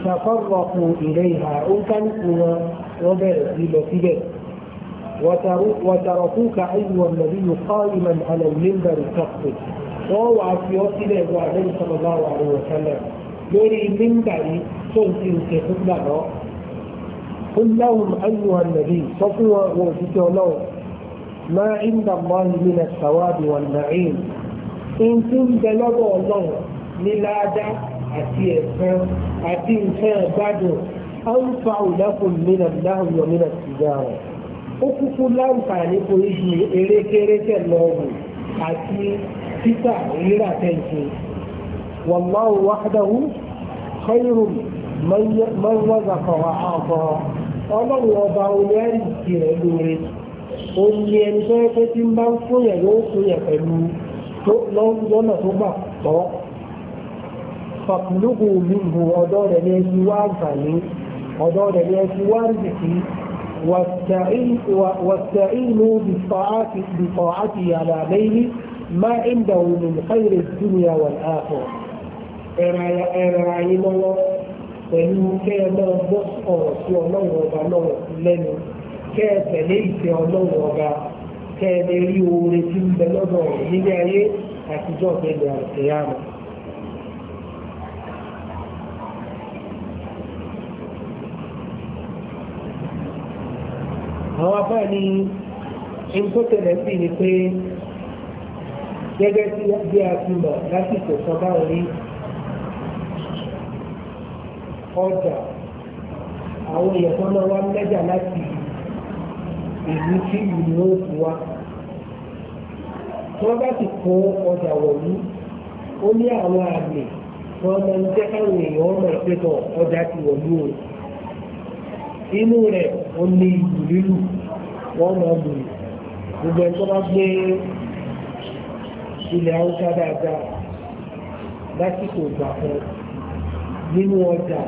ṣàkọ́rọ̀kùn ìrẹ́ ìhà òǹkàǹkù wọn wọ́n bẹ̀rẹ̀ sí lọ síbẹ̀ وتركوك أيها النبي قائما على المنبر تخطب wọ́n wà fi ọ́ sílẹ̀ wọ àdéhùn sọ́mọ́lá wà lọ́wọ́ sẹ́lẹ̀ lórí nígbà yìí tó ń ti ṣe fún gbà lọ. ó láwùn ayò ànàbí sọ fún wọn wọ òṣìṣẹ́ ọlọ́run máa ń dà mọ́ ilé na sàwádìí wọn nàáyìn. ń tí ń bẹ lọ́dọ̀ ọlọ́run ní àti ẹ̀sán àti nǹkan ẹ̀gbádùn ànfà òdàkùn mìíràn láhùn yọmínà tìjà rẹ̀. ó kúkú láǹfààní oríṣi erékèrékè lọ́wọ́ àti títà rírà tẹ̀sí wallahu wahdahu khayrun man razaqa wa a'ta ọlọ́run ọba orí àìsí rẹ̀ lóore ó ní ẹni tó yẹ pé tí ń bá ń fúnyẹ̀ yóò fúnyẹ̀ pẹ̀lú lọ́nà tó gbà tọ́ fàkùlùkù minhu ọ̀dọ́ rẹ̀ ní ẹni wá àǹfààní ọ̀dọ́ rẹ̀ ní ẹni wá rìsìkì wàtàínú bìtọ̀áti àlàlẹ́yìn ما عنده من خير الدنيا والآخرة ya ayé lọ́wọ́ pẹ̀lú kẹ́ ẹ náà gbọ́ ọ̀rọ̀ sí ọlọ́run ọba náà lẹ́nu kẹ́ ẹ tẹ̀lé ìfẹ́ ọlọ́run ọba kẹ́ ẹ lè rí oore tí ń bẹ lọ́dọ̀ gẹ́gẹ́ bí a ti mọ̀ lásìkò sọ́bà orí ọjà àwọn èèyàn kan wá mẹ́jà láti ìlú tí ìlú ó wa wọ́n ti kó ọjà wọ̀lú ó ní àwọn àmì wọn máa ń jẹ́ káwọn èèyàn ọmọ ìpẹ́tọ̀ ọjà ti o. inú rẹ̀ ó ní ìlú lílù wọ́n máa lù gbogbo ẹ̀ tó bá gbé ilẹ̀ haúsá dáadáa lásìkò ìgbà kan nínú ọjà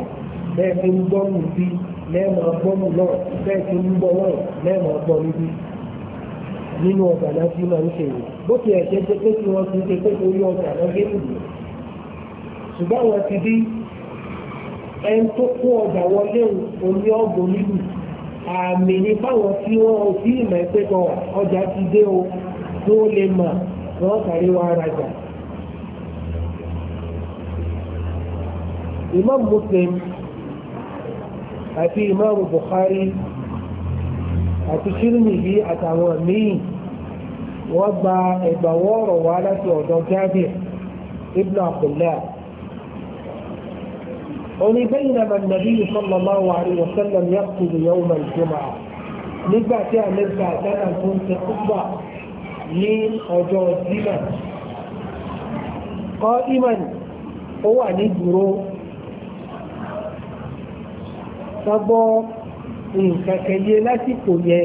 bẹ́ẹ̀ tó ń gbọ́ mú bí lẹ́ẹ̀mọ̀ gbọ́ mú náà bẹ́ẹ̀ tó ń gbọ́ náà lẹ́ẹ̀mọ̀ gbọ́ mú bí nínú ọjà náà tí máa ń ṣe wò bó ti ẹ̀jẹ̀ ṣe pé kí wọ́n ti ṣe pé orí ọjà náà gé nìyí ṣùgbọ́n àwọn ti bí ẹni tó kó ọjà wọlé omi ọgbọ̀n nílùú àmì ní báwọn tí wọ́n ò sí ìmọ̀ ẹgbẹ́ ọjà ti dé o tó lè mọ̀ wọ́n sáré wá rajà. Imam Muslim àti Imam Bukhari àti Tirmidhi àtàwọn míì wọ́n gba ẹ̀gbàwọ́ ọ̀rọ̀ wá láti ọ̀dọ̀ Jabir ibn Abdullah. أني بينما النبي صلى الله عليه وسلم يقتل يوم الجمعة نبع تعمل بعد أن كنت خطبة ní ọjọ́ dímà kọ́ iman ó wà ní dúró sọ́gbọ́ nǹkan kẹyẹ lásìkò yẹ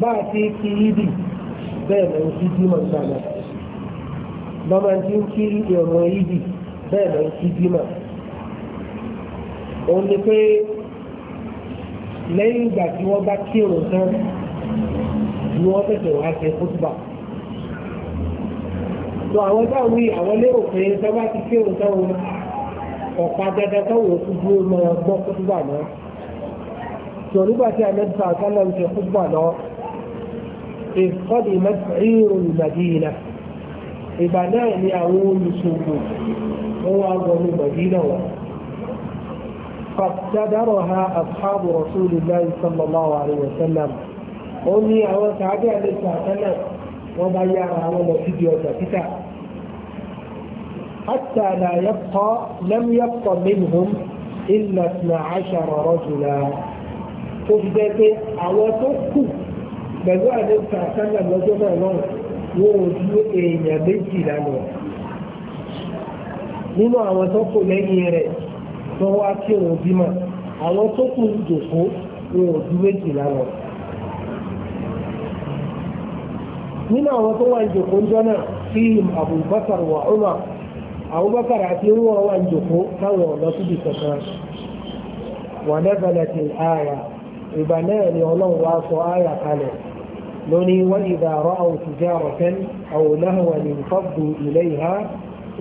bá a ti kí ibi bẹ́ẹ̀ lọ sí dímà gbàgbà bàbá tí ń kí ìrọ̀ ibi bẹ́ẹ̀ lọ sí dímà òun ni pé lẹ́yìn ni wọ́n tẹ̀sẹ̀ wá ṣe kútùbà tó àwọn táwọn wí àwọn lérò pé sábà ti ké òun táwọn ọ̀pá dandan táwọn òkú dúró máa gbọ́ kútùbà náà tó nígbà tí àmẹ́ta àtàlà ṣe kútùbà lọ ìfọ́dì mẹ́tìrìrò ìmàdìyìnà ìgbà náà ni àwọn olùṣòwò wọ́n wá wọnú màdìyìnà wọn فابتدرها أصحاب رسول الله صلى الله عليه وسلم ó ní àwọn sàádé àlejò àtàlà wọn bá yára àwọn lọ síbi ọjà títà حتى لا يبقى لم يبقى منهم إلا 12 رجلا tó fi jẹ́ pé àwọn tó kù pẹ̀lú àdéhùn àtàlà lọ́jọ́ náà náà wọ́n ò ju èèyàn méjìlá lọ. nínú àwọn tó kù lẹ́yìn rẹ̀ tó wá kí òun bímọ àwọn tó kù jòkó wọ́n ò ju méjìlá lọ. nínú àwọn tó wà ń jòkó ń jọ́nà fíìm Abubakar wà Umar Abubakar àti Umar wà ń jòkó táwọn ọ̀nà síbi kankan wà nẹ́fẹ̀lẹ̀ ti àyà ìgbà náà ni ọlọ́run wá sọ àyà kalẹ̀ lóní wọ́n ìdá àrọ́ àwọn òṣìṣẹ́ àrọ̀tẹ́n àwọn onáhùn àmì ìfọ́gbù ilé ìhá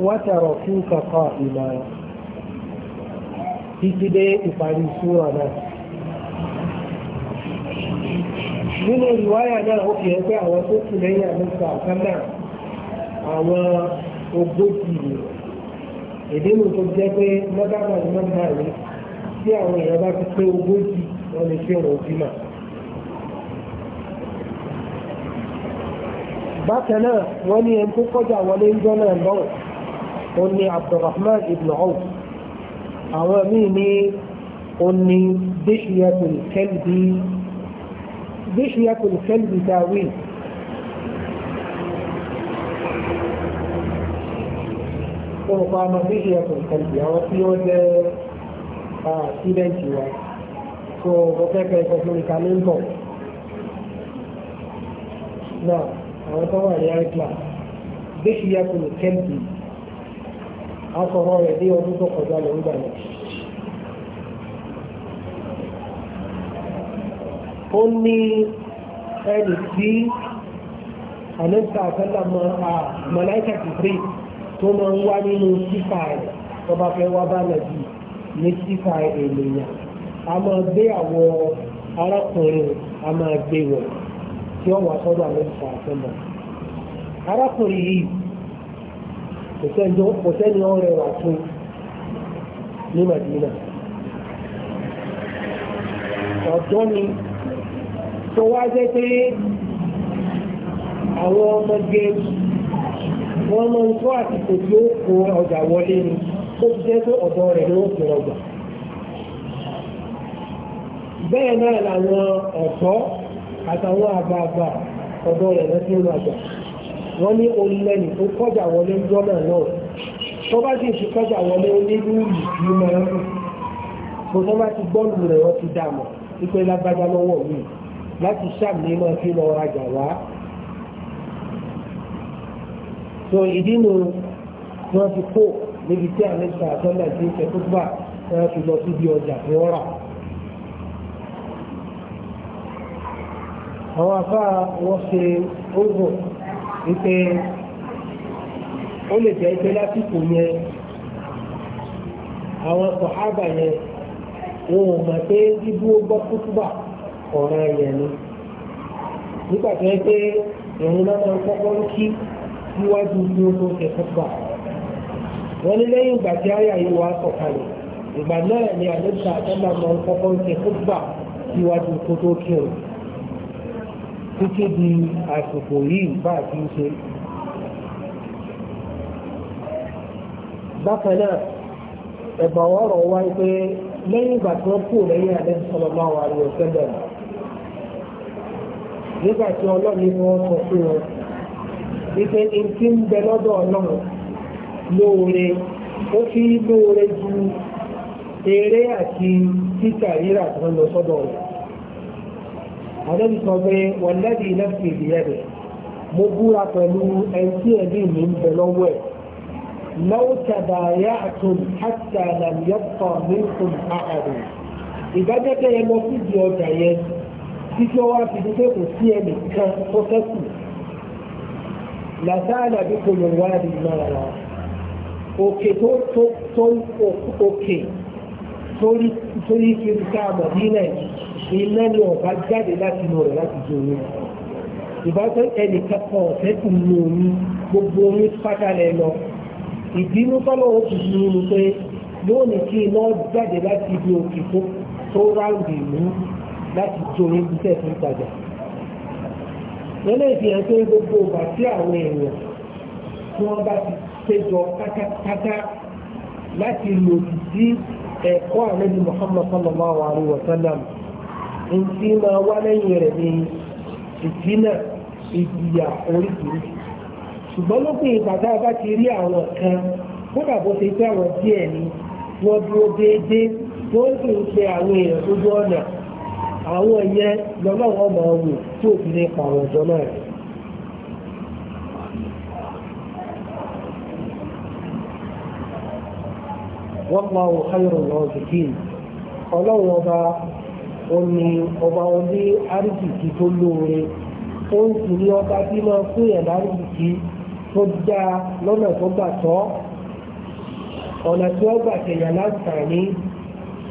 wátàrọ̀ fún kankan ìmọ̀ títí dé ìparí súra náà nínú ìwáyà náà ó fi hàn pé àwọn tó kù lẹ́yìn àmúta àkánná àwọn ogójì èdè nù tó jẹ́ pé mọ́tàkà ní mọ́tàkà rí tí àwọn èèyàn bá ti pé ogójì wọ́n lè fi ọ̀rọ̀ òbí náà. bákan náà wọ́n ní ẹni tó kọjá wọlé ń jọ́ náà lọ́wọ́ ó ní Abdulrahman ibn Awf àwọn míì ní ó ní bíṣìyàtò kẹ́lìdì دشية الكلب تاويل وقام دشية الكلب وفي وجه سيدنتي واحد so bọ́tẹ́kẹ́ ìfọ̀sùn ìkàlẹ́ ń bọ̀ náà àwọn tó wà ní àìsílà dẹ́kìyà kò ní kẹ́ǹtì a sọ̀rọ̀ rẹ̀ dé ọdún tó kọjá lọ́gbà náà ó ní ẹni tí àníṣà àtẹ́lá mọ́ à tó máa ń wá nínú sífà rẹ̀ tó bá fẹ́ wá bá nàbí ní sífà ènìyàn a máa gbé àwọn arákùnrin a máa gbé wọn tí wà àtẹ́lá arákùnrin yìí kò sẹ́ni Madina tó wá jẹ́ pé àwọn ọmọge wọ́n mọ tó àsìkò tí ó kó ọjà wọlé ni tó ti jẹ́ pé ọ̀dọ́ rẹ̀ ló kó ọjà. bẹ́ẹ̀ náà làwọn ọ̀tọ́ àtàwọn àgbààgbà ọ̀dọ́ rẹ̀ ló ti ń rajà wọ́n ní olùlẹ́nì tó kọjà wọlé jọ́nà náà tó bá sì ti kọjà wọlé onírúurú yìí máa ń rù tó tó bá ti gbọ́ọ̀lù rẹ̀ wọ́n ti dà mọ̀ ìpè lọ́wọ́ mi láti sàmì máa fi lọ rajà wá. so ìdí nu wọn fi kó níbi tí àlejò àtọ́lá ti ń ṣẹ́kú gbà wọn fi lọ síbi ọjà tí wọ́n rà. àwọn afáà wọ́n ṣe oògùn wípé ó lè jẹ́ pé lásìkò yẹn àwọn sọ̀hábà yẹn wọn ò mọ̀ pé dídúró gbọ́ kútúbà ọ̀ràn ẹ̀yẹ̀ ni nígbà tó yẹ pé ìrìn náà máa ń kọ́kọ́ ń kí níwájú bí ó tó ṣe fúnpa wọ́n ní lẹ́yìn ìgbà tí àyà yìí wà sọ̀kalẹ̀ ìgbà náà ni àlejò àtọ́nà máa ń kọ́kọ́ ń ṣe fúnpa níwájú tó tó kí o títí di àsìkò yìí bá a ti ń ṣe. bákan náà ẹ̀bà ọ̀rọ̀ wáyé pé lẹ́yìn ìgbà tí wọ́n kú lẹ́yìn àlejò sọ̀rọ̀ máa wà ní ọ̀sẹ̀ nígbà tí ọlọ́run ni wọ́n sọ fún wọn wípé n tí ń bẹ lọ́dọ̀ ọlọ́run lóore ó fi lóore ju eré àti títà rírà tó ń lọ sọ́dọ̀ rẹ̀ àdébí sọ pé wọ́n lẹ́bi lẹ́bi ìdíyẹ rẹ̀ mo búra pẹ̀lú ẹni tí ẹ̀mí mi ń bẹ lọ́wọ́ ẹ̀ لو تبايعتم حتى لم يبقى منكم أحد إذا جاء يمسي ديوتا يسي títí ó wá fi di pé kò sí ẹnì kan tó fẹ́kù làtàlà bí kò lè wá di náà wá òkè tó tó tó òkè torí torí kí n ká àmọ̀ nílẹ̀ iná ni ọ̀bá jáde láti inú rẹ̀ láti jó omi ìbátan ẹnì kankan ọ̀fẹ́ kù ní omi gbogbo omi pátá lẹ lọ ìbínú tọ́lọ̀ ó fi ní inú pé yóò kí iná jáde láti ibi òkè tó ráǹdì mú láti jó ní iṣẹ́ tó ń tajà. lọ́lẹ́ ìfihàn pé gbogbo ìgbà tí àwọn èèyàn tí wọ́n bá ti péjọ pátápátá láti lòdì sí ẹ̀kọ́ àlejò Muhammad sallallahu alaihi wa sallam ntí máa wá lẹ́yìn rẹ̀ ní ìdínà ìjìyà oríṣiríṣi ṣùgbọ́n lópin ìgbà tá a bá ti rí àwọn kan kódà bó ṣe fẹ́ àwọn díẹ̀ ni wọ́n dúró déédéé wọ́n sì ń pe àwọn èèyàn lójú ọ̀nà àwọn ẹyẹ lọ́lọ́wọ́ máa wò tí ò fi lè pa àwọn náà. wọ́n máa wò káyọ̀rọ̀ lọ́wọ́ kìkì ọlọ́run ọba omi ọba oní àríkìkì tó lóore ó ń sì ní ọba tí máa fún yẹn láríkìkì tó dáa lọ́nà tó gbà tọ́ ọ̀nà tí wọ́n gbà tẹ̀yàn láǹfààní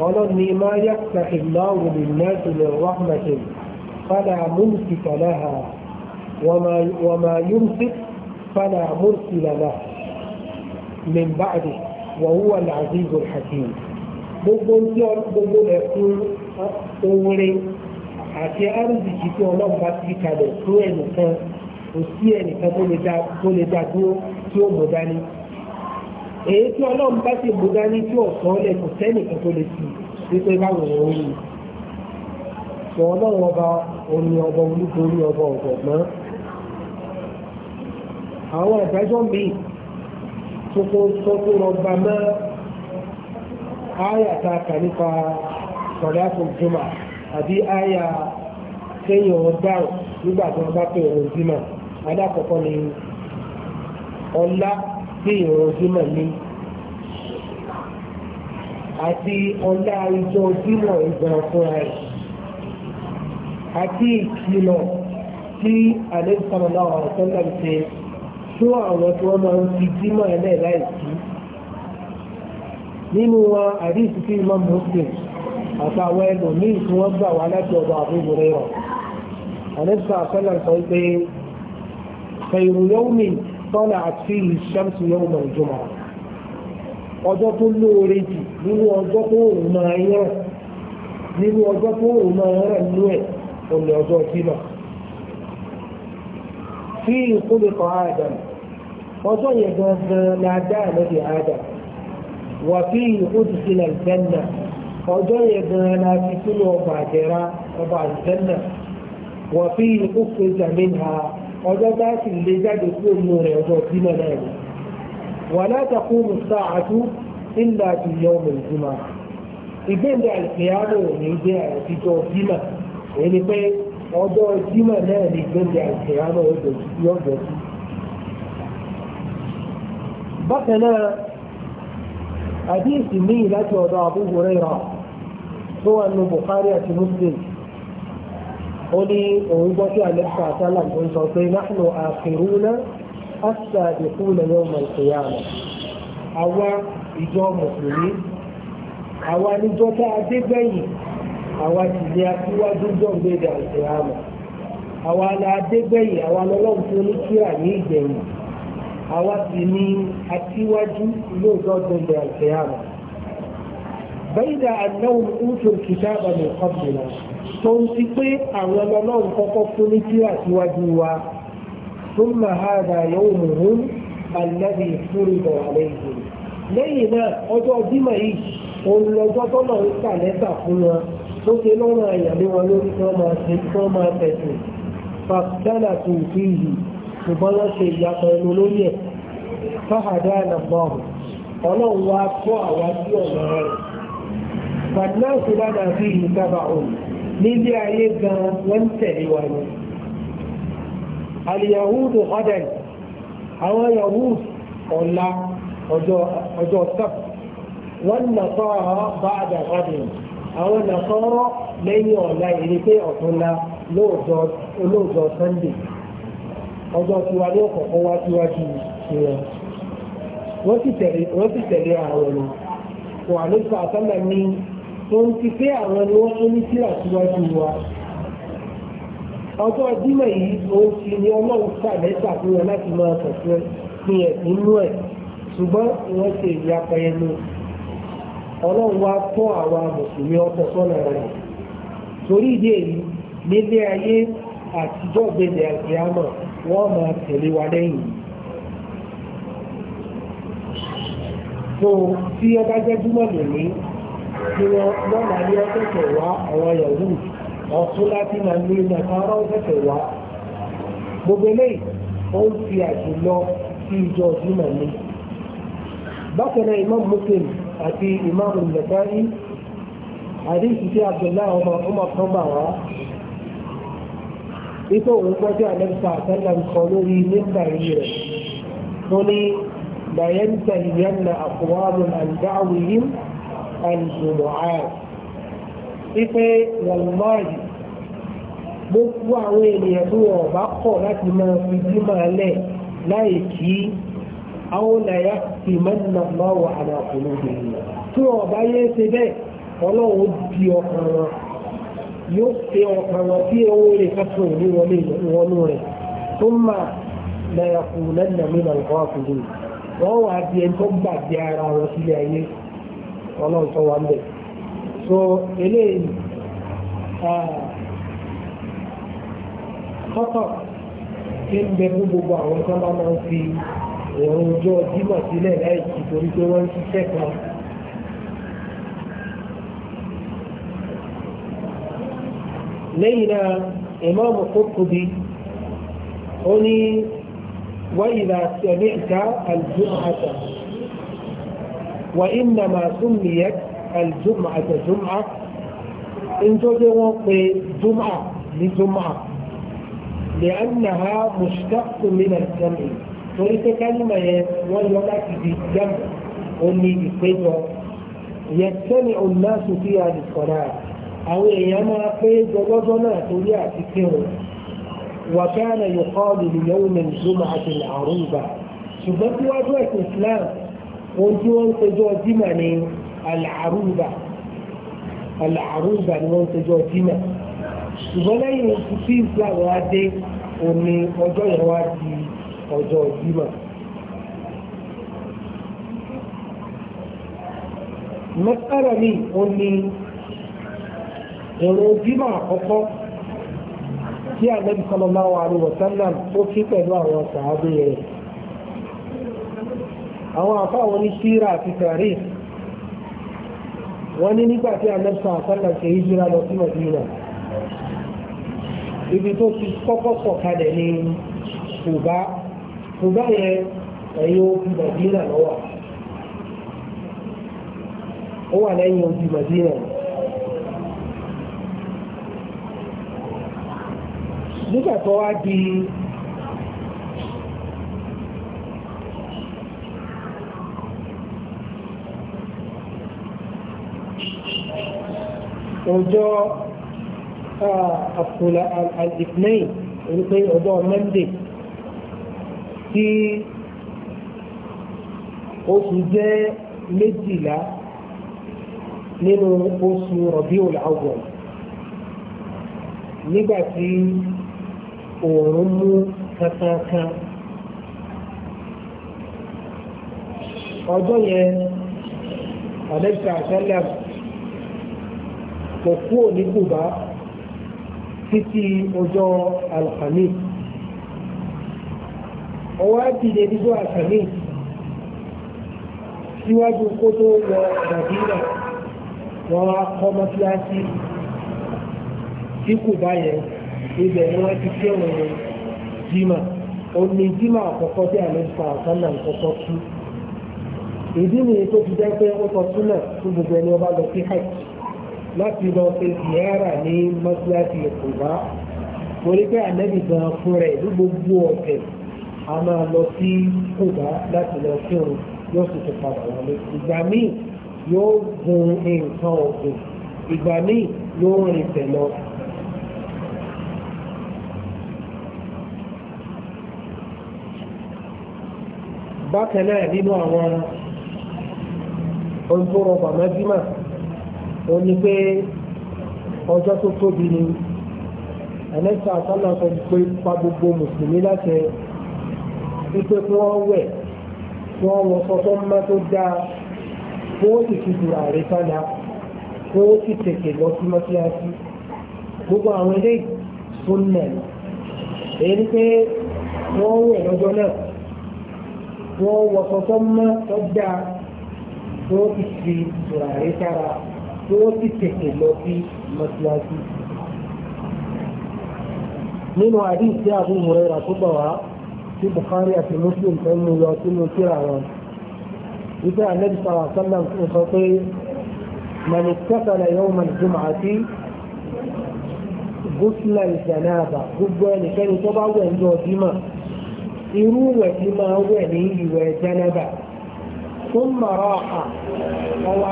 ọlọ́ni máa yàtà ìlọ́wù nìyàtì lè rọ́hmàtì fádà múlùkì kàláhà wọ́n máa yúrùsì fádà múlùkì lànà min báàdì wọ́n wúwà làzíz hakim gbogbo tí gbogbo ẹ̀kún oore àti arúgbìkì tí ọlọ́run bá ti kalẹ̀ fún ẹnìkan kò sí ẹnìkan tó lè dá dúró tí ó mọ̀ dání èyí tí ọlọ́run bá ti bù dání tí ọ̀sán lẹ́kùn sẹ́nìkan tó lè sí wípé báwo ni ó yìí sọ ọlọ́run ọba omi ọba olúborí ọba ọ̀gbọ̀gbọ́n àwọn ìdájọ́ míì tó kó sọ́kó ọba mọ́ áyà tá a kà nípa sọ̀dáàtò jùmọ̀ àbí áyà kéèyàn ọ̀dáàrùn nígbà tí wọ́n bá pè ọ̀rọ̀ jùmọ̀ alákọ̀ọ́kọ́ ni ọlá sí ìrun ojúmọ̀ ní àti ọ̀la ìjọ ojúmọ̀ ìgbà fúnra rẹ̀ àti ìkìlọ̀ tí àdéhùsọ̀rọ̀lá ọ̀rọ̀ sọ́lá ṣe fún àwọn tí wọ́n máa ń fi jímọ̀ ẹlẹ́ láìsí nínú wọn àdéhùsí tí ìmọ̀ mọ́sẹ̀ àtàwọn ẹlòmíì tí wọ́n gbà wá láti ọ̀dọ̀ àbúrò rẹ̀ àdéhùsọ̀rọ̀lá sọ pé fẹ̀yìrù yóò mìíràn طلعت فيه الشمس يوم الجمعة وجدوا الوريدي من وجدوا ما يرى من وجدوا ما يرى النور واللي وجدوا فينا فيه خلق آدم وجدوا نادى نعداء آدم وفيه أدخل الجنة وجدوا نادى نعفتوا وبعدها وبعد الجنة وفيه أخرج منها ọjọ́ bá sì lè jáde kúrò nínú rẹ̀ ọjọ́ ìbímọ náà ni wà látàkù mùsàátù ìlà àti yọmọ ìjùmọ̀ ìgbéǹde àìsíyáàmù ní jẹ́ àtijọ́ bímọ èyí pé ọjọ́ bímọ náà ni ìgbéǹde àìsíyáàmù ọjọ́ yọjọ́ sí. bákan náà àdéhùn míì láti ọ̀dọ̀ Abu Hurairah tó wà nù Bukhari àti Muslim ó ní òun gbọ́ sí àlẹ́kọ̀ọ́ àtàlà tó ń sọ pé nahnu akhiruna as-sabiquna yawm al-qiyamah àwa ìjọ mùsùlùmí àwa níjọ tá a dé gbẹ̀yìn àwa sì ní akíwájú jọ̀ǹgbẹ̀dẹ al-qiyamah àwa la dé gbẹ̀yìn àwa lọ́lọ́run tó ní kíra ní ìgbẹ̀yìn àwa sì ní akíwájú lóòjọ́ jọ̀ǹgbẹ̀ al-qiyamah bayda annahum utul kitaba min qablina tó ń ti pé àwọn ọlọ́run kọ́kọ́ fún ní tí àtiwájú wa ثم هذا يومهم الذي فرض عليهم lẹ́yìn náà ọjọ́ bímọ yìí òun lọ́jọ́ tọ́lọ̀ ń kà lẹ́tà fún wọn tó ṣe lọ́rùn àyàlé wọn lórí kí wọ́n máa ṣe kí wọ́n máa tẹ̀sùn fàtẹ́là tó fi yìí ṣùgbọ́n wọ́n ṣe ìyàtọ̀ ẹnu lórí ẹ̀ fáhàdá nàbọ̀n ọlọ́run wa kọ́ àwa ọ̀nà rẹ̀ fàtẹ́là tó bá sí ìyíká òun nílé ayé gan wọ́n tẹ̀lé wa ni aliyahudu ọ̀dẹ̀n àwọn yahud ọ̀la ọjọ́ sáp wọ́n nàtọ́rọ̀ bá àdà ọ̀dẹ̀n àwọn nàtọ́rọ̀ lẹ́yìn ọ̀la ìrí pé ọ̀túnla olóòjọ́ sunday ọjọ́ tiwa ní ọ̀kọ̀ọ̀kọ́ wá síwájú ìṣẹ́ wọ́n sì tẹ̀lé àwọn ọ̀la kò àlùfáà sọ́nà ní tó ń ti pé àwọn ni wọ́n tó ní sí àtiwájú wa ọjọ́ ìdílé yìí òun ti ní ọlọ́run sàlẹ́sà fún wọn láti máa tẹ̀síwẹ́ fi hàn nínú ẹ̀ ṣùgbọ́n wọ́n ṣe ìyá pẹ̀lú ọlọ́run wa tọ́ àwa mùsùlùmí ọkọ̀ sọ́nà rẹ̀ torí ìdí èyí nílé ayé àtijọ́ gbèdè àti àmọ̀ wọ́n máa tẹ̀lé wa lẹ́yìn. tó tí ọba jẹ́ júmọ̀ lónìí tí wọ́n lọ́nà ayé ọ̀tẹ̀tẹ̀ wá àwọn yahoo ọ̀tún láti máa ní nàkàrà ọ̀tẹ̀tẹ̀ wá. gbogbo eléyìí ó ń fi àjùlọ sí ìjọ ìdúnà mi. bákan náà imam muslim àti imam nàkàrí àdéhùn sí abdullahi ọmọ ọmọ kan bá wá. ipò òun gbọ́dọ̀ àlẹ́bùsà àtàlà nǹkan lórí nígbà yìí rẹ̀ tó ní làyẹ̀ntà ìyẹn na àkùwárùn àdáwìyìn àǹtòlòhàn wípé wàlúmáàdì gbogbo àwọn ènìyàn tó wọ̀ bá kọ̀ láti máa fi bímọ lẹ̀ láì kí àwọn làyà ti mẹ́nà máa wà àdàkùnrin bìnrin tí wọ́n bá yé ṣe bẹ́ẹ̀ ọlọ́run di ọkàn wọn yóò ṣe ọkàn wọn tí owó rẹ̀ kásán òní wọlé ìwọnú rẹ̀ tó máa làyà kùnrin lẹ́nà mí nà lọ́wọ́ kùnrin wọ́n wà á di ẹni tó gbàgbé ara wọn sílé ayé ọlọ́run tó wà níbẹ̀ so eléyìí kọ́kọ́ tí ń bẹ fún gbogbo àwọn tó bá máa ń fi òun ọjọ́ jímọ̀ sílẹ̀ láì torí pé wọ́n ń ṣiṣẹ́ kan lẹ́yìn náà ìmáàmù Qurtubi ó ní wáyìí la sẹ̀mí ìta àlùjọ́ àtàkùn. وإنما سميت الجمعة جمعة إن تجروا جمعة لجمعة لأنها مشتق من الجمع تريد كلمة ولولا في الجمع قولي بقيدو يجتمع الناس فيها للصلاة أو إيما قيدو وجنا تريا تكيرو وكان يقال ليوم الجمعة العروبة شبكوا أجواء الإسلام ohun tí wọ́n ń pejọ́ jimá ni alàrúbà alàrúbà ni wọ́n ń pejọ́ jimá ṣùgbọ́n lẹ́yìn oṣù tí islam wá dé òní ọjọ́ yẹn wá di ọjọ́ jimá. mẹ́tàlá mi ò ní èrò jimá àkọ́kọ́ tí ànábì sallallahu alaihi wasallam ó kí pẹ̀lú àwọn sàábé rẹ̀ àwọn àfáwọn ní síra àti tàrí wọ́n ní nígbà tí anẹ́sà àfẹ́lẹ̀ ṣe hijira lọ sí Madina ibi tó ti kọ́kọ́ sọ̀kalẹ̀ ní Kùbá Kùbá yẹn ẹ̀yìn ojú Madina lọ́wọ́ ó wà lẹ́yìn ojú Madina nígbà tó wá di ọjọ́ àfúlà àdìpínlẹ̀ wípé ọjọ́ monday tí oṣù jẹ́ méjìlá nínú oṣù Rabiul Awwal nígbà tí oòrùn mú kankankan ọjọ́ yẹn ọ̀lẹ́sà sẹ́lẹ̀mù kò kúrò ní Kùbá títí ọjọ́ alhami ọwọ́ dìde dídó alhami síwájú kó tó wọ Madina wọn á kọ́ mọ́síláṣí tí Kùbá yẹn ibẹ̀ ni wọ́n ti kírun jimá omi jimá àkọ́kọ́ tí àlejò àkànnà àkọ́kọ́ tú ìdí nìyí tó fi jẹ́ pé ó sọ súnà fún gbogbo ẹni ọba lọ sí hajj láti lọ ṣe ziyara ní mọ́síláṣí Kùbá torí pé ànábì gan fún rẹ̀ ní gbogbo ọ̀sẹ̀ a máa lọ sí Kùbá láti lọ kírun yóò sì tún padà wọlé ìgbà míì yóò gun nǹkan ọ̀gbìn ìgbà míì yóò rìn tẹ̀lọ. bákan náà nínú àwọn ohun tó rọgbà mọ́jímà ó ní pé ọjọ́ tó tóbi ni ẹlẹ́sà sálà sọ pé pa gbogbo mùsùlùmí láti wípé kí wọ́n wẹ̀ kí wọ́n wọ sọ́tọ́ mọ́ tó dáa kí wọ́n sì fi dùrà rẹ̀ sálà kí wọ́n sì tètè lọ sí mọ́síláṣí gbogbo àwọn eléyìí tún nà ní èyí ni pé wọ́n wẹ̀ lọ́jọ́ náà wọ́n wọ sọ́tọ́ mọ́ tó dáa kí wọ́n sì fi dùrà rẹ̀ sára. من وعدين سيا أبو هريرة كبوا في بخاري أبو مسلم كأنه النبي صلى الله عليه وسلم في من اتصل يوم الجمعة غسل الجنابة غسل يعني كانوا طبعا وعندوا ديما إرو وديما وعنيه ثم راح أو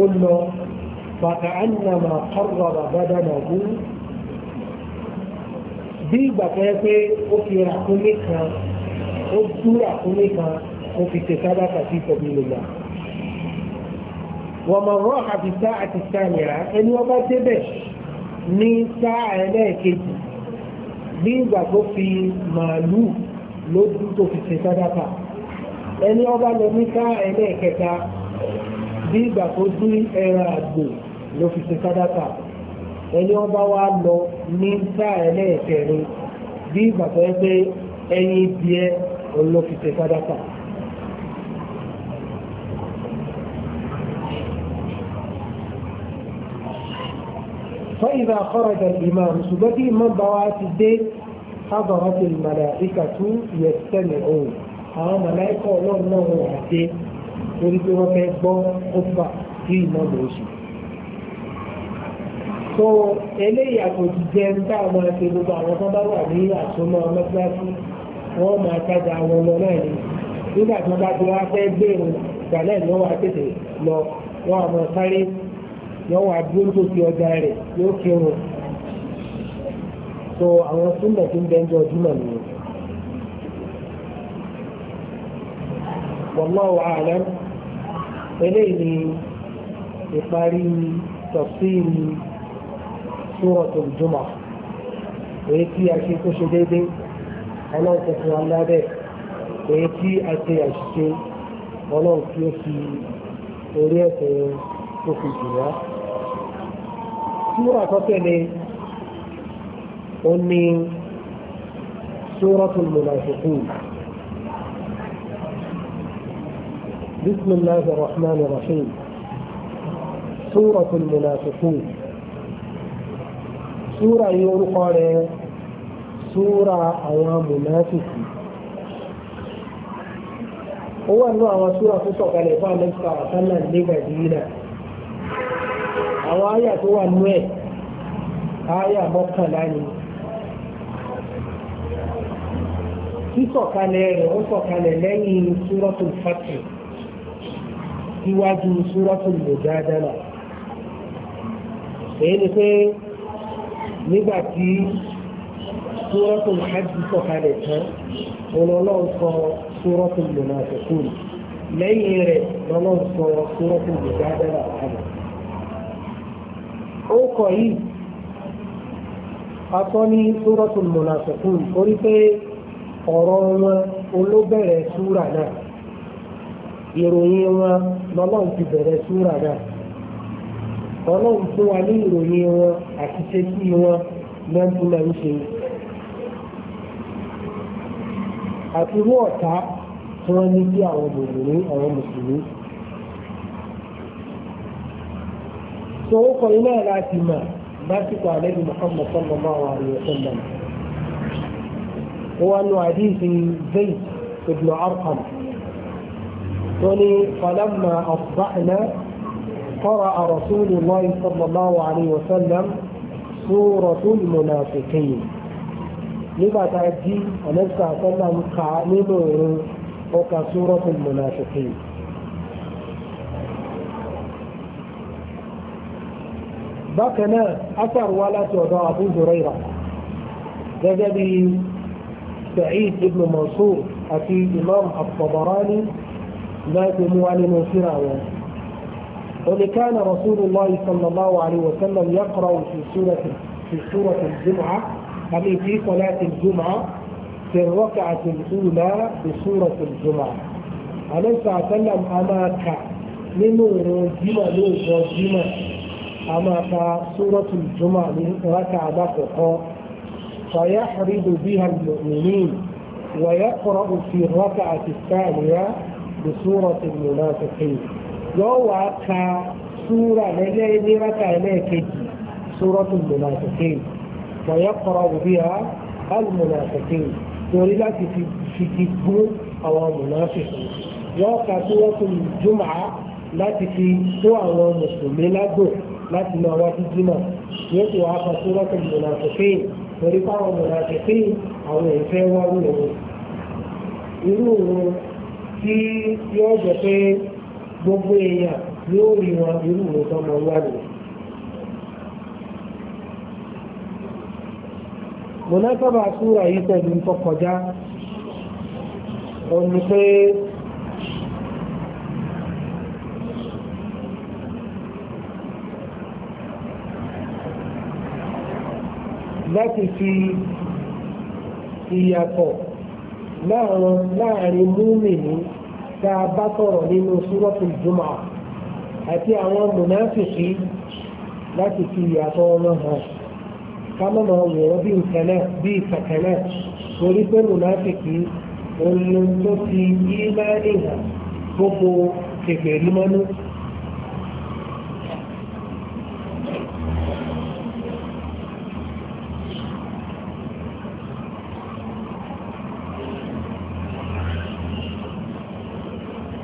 ó lọ bàtà ànàmà kọ́rọ̀rọ̀ bàdà nàbú bí ìgbà tó yẹ pé ó fi ràkúnmí kan ó dú ràkúnmí kan ó fi ṣe sábàkà sí ìtọ́bí lòlá wọ́n máa rọ́ àbísá àti sáàmìlá ẹni wọ́n bá débẹ̀ ní sáà ẹlẹ́ẹ̀kejì bí ìgbà tó fi màálù lójú tó fi ṣe sábàkà ẹni wọ́n bá lọ ní sáà ẹlẹ́ẹ̀kẹta bí ìgbà tó dín ẹran àgbò ló fi ṣe sádàkà ẹni ọba wa lọ ní sáà ẹlẹ́ẹ̀kẹrin bí ìgbà tó yẹ pé ẹyin díẹ̀ òun ló fi ṣe sádàkà. فإذا خرج الإمام سبتي من بوات الدين حضرت الملائكة يستمعون أو ملائكة الله الله torí pé wọ́n fẹ́ gbọ́ ọgbà tí ìmọ̀ lò ó sì. tó eléyìí àtòjì jẹ́ ń tá àwọn ẹgbẹ́ gbogbo àwọn tó bá wà ní àsomọ́ ọlọ́gbàsí wọ́n máa tajà àwọn ọmọ náà ni nígbà tí wọ́n bá ti wá fẹ́ gbèrò ìgbà náà ni wọ́n wá tètè lọ wọ́n àmọ́ sáré yọ wà dúró tòsí ọjà rẹ̀ yóò kírun so àwọn súnmọ̀ tó ń bẹ́ńjọ ọdúnmọ̀ nìyẹn. والله أعلم eléyìí ni ìparí tafsiri suratul Jumu'ah èyí tí a ṣe kó ṣe déédéé ọlọ́run tó fún wa lábẹ́ èyí tí a ṣe àṣìṣe ọlọ́run tí ó fi orí ẹ̀sẹ̀ tó fi jù wá. Súra tó ó ní Suratul Munafiqun. بسم الله الرحمن الرحيم سورة المنافقون سورة يقول سورة أيام منافقين هو أنه أما سورة تسوق الإفاء نفسها وصلنا لمدينة أو آية هو النوية آية مقلاني sísọ̀kalẹ̀ rẹ̀ ó sọ̀kalẹ̀ lẹ́yìn súrọ́tù síwájú súrọ́tún mùjádálà èyí ni pé nígbà tí súrọ́tún hajj sọ̀kalẹ̀ tán ọlọ́lọ́run sọ súrọ́tún mùnàfẹ́kùn lẹ́yìn rẹ̀ lọ́lọ́run sọ súrọ́tún mùjádálà kalẹ̀ ó kọ yìí akọ́ ní súrọ́tún mùnàfẹ́kùn torí pé ọ̀rọ̀ wọn olóbẹ̀rẹ̀ súrà náà ìròyìn wọn lọ́lọ́run ti bẹ̀rẹ̀ súra náà ọlọ́run fún wa ní ìròyìn wọn àti ṣẹ́kí wọn lọ́dúnlẹ̀ ń ṣe àti irú ọ̀tá tí wọ́n ní sí àwọn mùsùlùmí àwọn mùsùlùmí. tó ó kọ iná láti mà lásìkò àlẹ́bí Muhammad sallallahu alaihi wa sallam. ó wá nu àdéhìí Zayd ibn Arqam ولي فلما أصبحنا قرأ رسول الله صلى الله عليه وسلم سورة المنافقين لما تعدي ونسى صلى الله وكسورة المنافقين بكنا أثر ولا تعدى أبو هريرة جذبي سعيد بن منصور أتي إمام الطبراني ذات موال وفراء قل كان رسول الله صلى الله عليه وسلم يقرا في سوره في سوره الجمعه أي في صلاة الجمعة في الركعة الأولى بسورة الجمعة. أليس أتلم أماك من رجيمة لرجيمة أماك سورة الجمعة ركعة بقى فيحرد بها المؤمنين ويقرأ في الركعة الثانية بسورة المنافقين يو عكا سورة لجأ نيرك إليك سورة المنافقين ويقرأ بها المنافقين ولله في كتبه أو منافقين يوقع سورة الجمعة láti fi tó àwọn mùsùlùmí ládùn láti máa wá títí náà yóò ti wá fa sórọ́tò mùnàfẹ́fẹ́ torí fáwọn mùnàfẹ́fẹ́ àwọn ìfẹ́ wá wúlò wọn. irú òun tí yóò jẹ́ pé gbogbo èèyàn yóò rí wọn irú ìwé tó mọ wá rè. mọ̀nàkàbà súra yìí pẹ̀lú ń kọkọjá ó ní pé láti fi ìyàtọ̀ láàrin múmi ní tá a bá sọ̀rọ̀ nínú súrọ́tù jùmọ̀ àti àwọn mùnáfìsì láti fi ìyàtọ̀ wọn hàn ká má máa wòrán bí nǹkan náà bí ìkàkẹ́ náà torí pé mùnáfìsì òun ló ti yí máa ń gbogbo kékeré mọ́nú.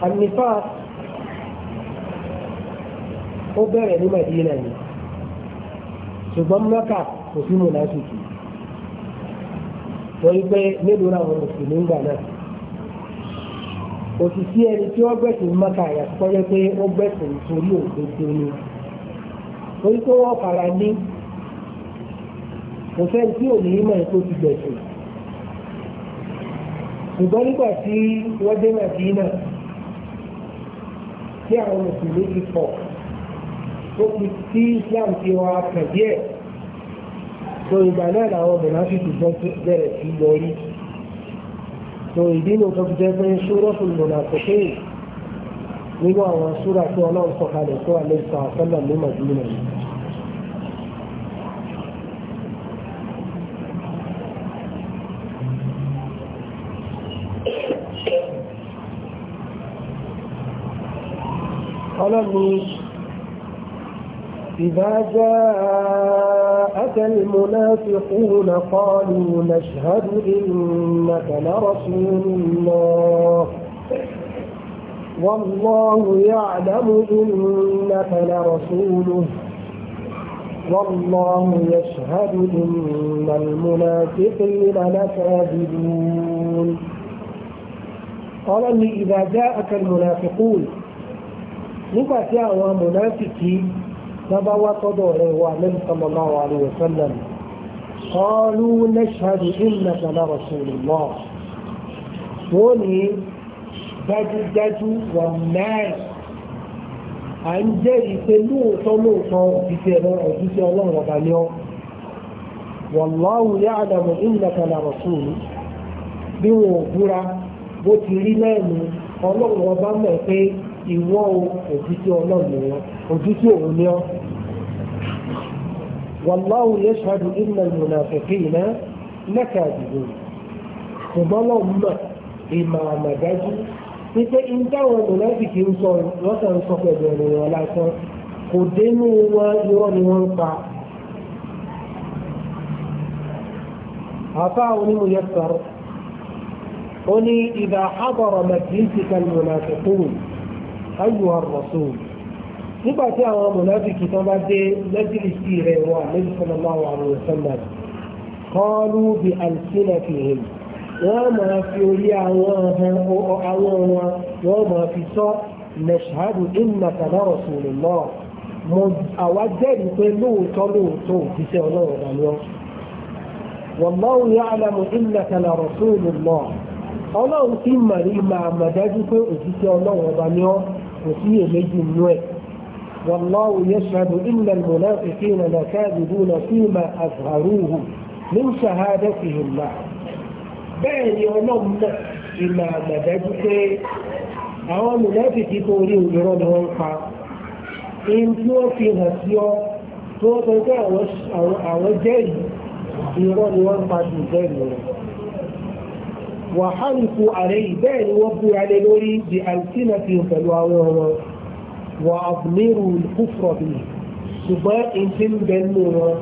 àmìfà ó bẹ̀rẹ̀ ní Madina ni ṣùgbọ́n Mẹ́kà kò sí mùnáfíkì torí pé mélòó làwọn mùsùlùmí ń gbà náà kò sì sí ẹni tí wọ́n gbẹ̀sìn Mẹ́kà yàtọ̀ yẹ pé ó gbẹ̀sìn torí òdodo ni torí pé wọ́n fara ní kò fẹ́ tí ò ní mọ̀ ètò ti gbẹ̀sìn ṣùgbọ́n nígbà tí wọ́n dé Madina tí àwọn mùsùlùmí ti pọ̀ ó islam ti wá pẹ̀lú ẹ̀ tó ìgbà náà làwọn mùnàfíìsì bẹ̀rẹ̀ sí yọrí tó ìdí ní ọjọ́ jẹ́ pé ṣúrọ́sùn mùnàfíìsì nínú àwọn ṣúra tí ọlọ́run sọ̀kalẹ̀ tó àlejò àfẹ́lẹ̀ ní ọlọ́run إذا جاءك المنافقون قالوا نشهد إنك لرسول الله والله يعلم إنك لرسوله والله يشهد إن المنافقين لكاذبون قال إذا جاءك المنافقون nígbà tí àwọn amọ̀nàfìkì bá wá sọ́dọ̀ rẹ̀ wà lẹ́nu sallallahu alaihi wasallam qalu nashhadu innaka la rasulullah wọ́n ní dájúdájú wà náà à ń jẹ́rìí pé lóòótọ́ lóòótọ́ òjíṣẹ́ òjíṣẹ́ ọlọ́run ọ̀gá ni ọ́ wallahu ya'lamu innaka la rasul bí wọn ò bó ti rí lẹ́nu ọlọ́run ọba mọ̀ pé ìwọ òjijì ọlọ́run ni wọn òjijì òun ni wọn. والله يشهد إن المنافقين لكاذبون ṣùgbọ́n lọ́wọ́ mọ̀ ìmọ̀ àmàdájú wípé ìdáwọn mùnáfìkì ń sọ lọ́sẹ̀ ń sọ pẹ̀lú ènìyàn lásán kò dénú wọn irọ́ ni wọ́n ń pa. àfa onímọ̀yẹ́sọ̀rọ̀ ó ní ìdá àbọ̀rọ̀ mẹ̀tìlì ti kan ayuha rasul nígbà tí àwọn mọ̀lábìkì tán bá dé lẹ́jìlìsì rẹ̀ wà nabi sallallahu alaihi wasallam qalu bi alsinatihim wọ́n máa fi orí àwọn wọn wọ́n máa fi sọ nashhadu innaka la rasulullah mo àwa jẹ́rìí pé lóòótọ́ lóòótọ́ òjíṣẹ́ ọlọ́run ọ̀dà ni ọ́ wallahu ya'lamu innaka la rasulullah ọlọ́run ti mọ̀ ní màmá dájú pé òjíṣẹ́ ọlọ́run ọ̀dà ni kò sí èméjì nú ẹ̀ والله يشهد إن المنافقين لكاذبون فيما أظهروه من شهادتهم معه bẹ́ẹ̀ ni ọlọ́run náà ìmọ̀ àgbàdájú pé àwọn mùnáfìkì tó rí òyìnbó ni wọ́n ń pa in tí ó fi hàn sí ọ tó sọ pé àwọn jẹ́rìí ìrọ́ ni wọ́n ń pa jù bẹ́ẹ̀ lọ. وحلفوا عليه بان وفوا على لوري بألسنتهم فالواوهم وأضمروا الكفر به ṣùgbọ́n ìsìn bẹ̀rù wọn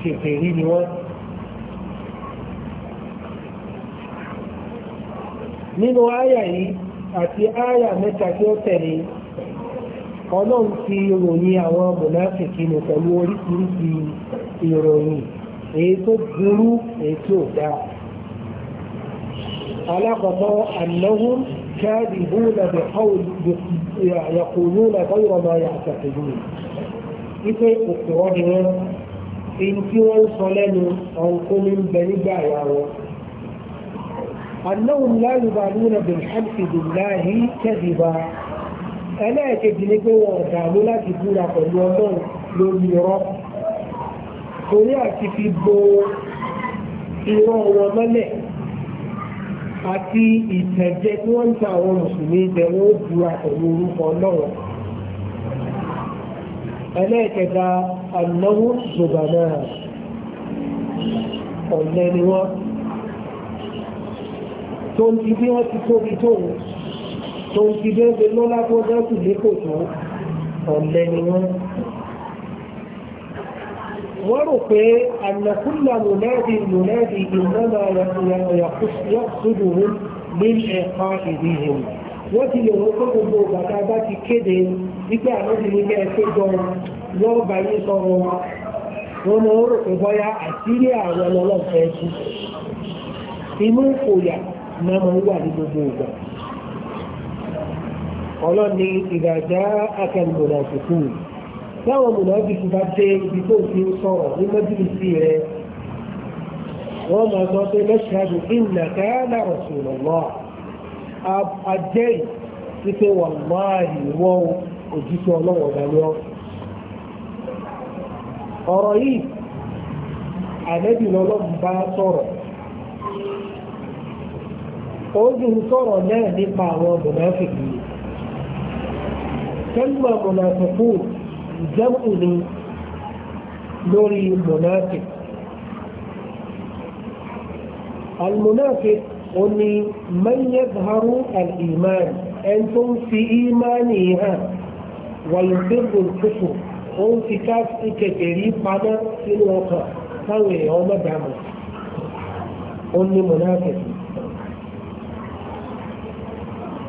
kèfèrí ni wọ́n. nínú àyà yìí àti àyà mẹ́ta tí ó tẹ̀lé ọlọ́run ti ròyìn àwọn mùnáfìkì nù pẹ̀lú oríṣiríṣi ìròyìn èyí tó burú èyí tí dáa alákọ̀ọ́kọ́ annahum kadibuna yaquluna ghayra ma ya'taqidun ipe òpòrọ́ ni wọ́n èyí tí wọ́n ń sọ lẹ́nu ọ̀nkó ní ń bẹ nígbà ìyá wọn annahum la yubaluna bilhadfi billahi kadiba ẹlẹ́ẹ̀kejì ni pé wọn ọ̀dààmú láti búra pẹ̀lú ọlọ́run lórí irọ́ torí àti fi bo irọ́ wọn mọ́lẹ̀ àti ìtẹ̀jẹ tí wọ́n ń ta àwọn mùsùlùmí ibẹ̀ wọ́n búra pẹ̀lú orúkọ náà. ẹlẹ́ẹ̀kẹta ànáwó zòbà náà ọ̀lẹ ni wọ́n tó ń ti bí wọ́n ti tóbi tóun tó ń ti bí wọ́n ti lọ́lá tó dá sí tó ọ̀lẹ ni wọ́n wọ́n أن كل مناد mùnádì mùnádì ìnáná yàkúsùdùhùn ní ẹ̀ka ìdíhìn wọ́n ti lè wọ́n tó gbogbo bàtà bá ti kéde wípé àwọn ti ní kẹ́ẹ̀ pé gan wọ́n bá yín sọ̀rọ̀ wọn mọ̀ wọ́n rò pé bọ́yá àṣírí àwọn ọlọ́ọ̀fẹ́ tú inú ìfòyà náà mọ̀ wà ní gbogbo ìgbà ọlọ́ni ìgbà já akẹ́lùmọ̀nà táwọn mùnàfíìsì bá dé ibi tó fi ń sọ̀rọ̀ ní mọ́jìlìsì rẹ̀ wọ́n máa sọ pé lẹ́ṣáájú ìnàkà lára sùnà lọ́ àjẹ́rì wípé wọ́n máa ìwọ́ òjíṣẹ́ ọlọ́wọ́ dání ọ́. ọ̀rọ̀ yìí àlẹ́bí lọ́lọ́bù bá sọ̀rọ̀ ó sọ̀rọ̀ náà nípa àwọn mùnàfíìsì. kẹ́lú àmùnàfíìsì jẹ́kù ni lórí monafik المنافق أني من يظهر الإيمان أنتم في إيمانها ويقر الكفر òun ti ká kékeré padà sínú ọkàn táwọn èèyàn ọmọ dàmú ó ní mọ̀nàfẹ̀sì.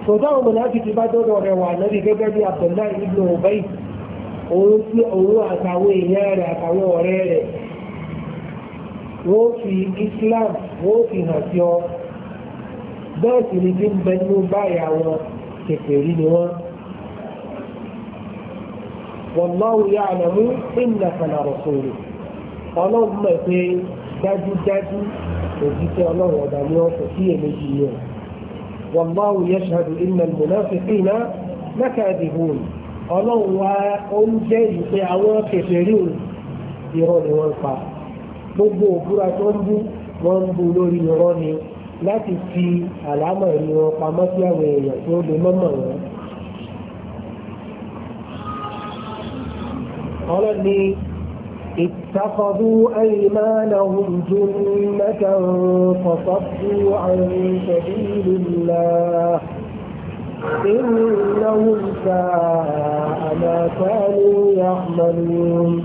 sọ̀tọ́ àwọn mọ̀nàfẹ̀sì bá dọ́dọ̀ rẹ̀ lórí gẹ́gẹ́ bí Abdullahi ibn Ubay òun tí òun àtàwọn èèyàn rẹ̀ àtàwọn ọ̀rẹ́ rẹ̀ wọ́n fi Islam wọ́n fi hàn sí ọ bẹ́ẹ̀ sì ni bí ń bẹ nínú báyà wọn kèfèrí ni wọ́n. Wallahu ya'lamu innaka la rasuluh ọlọ́run mọ̀ pé dájúdájú òjíṣẹ́ ọlọ́run ọ̀dà ni wọ́n kò sí èméjì ni ọ̀. Wallahu yashhadu innal munafiqina lakadibun ọlọ́run wa ó ń jẹ́ ìpè àwọn kèfèrí òun irọ́ ni wọ́n pa gbogbo òbúra tó ń bú wọ́n ń bú lórí irọ́ ni láti fi àlámọ̀ ẹ̀rí wọn pamọ́ sí àwọn èèyàn tó lè mọ́mọ́ wọn. ọlọ́ni اتخذوا أيمانهم جنة فصدوا عن سبيل الله إنهم ساء ما كانوا يعملون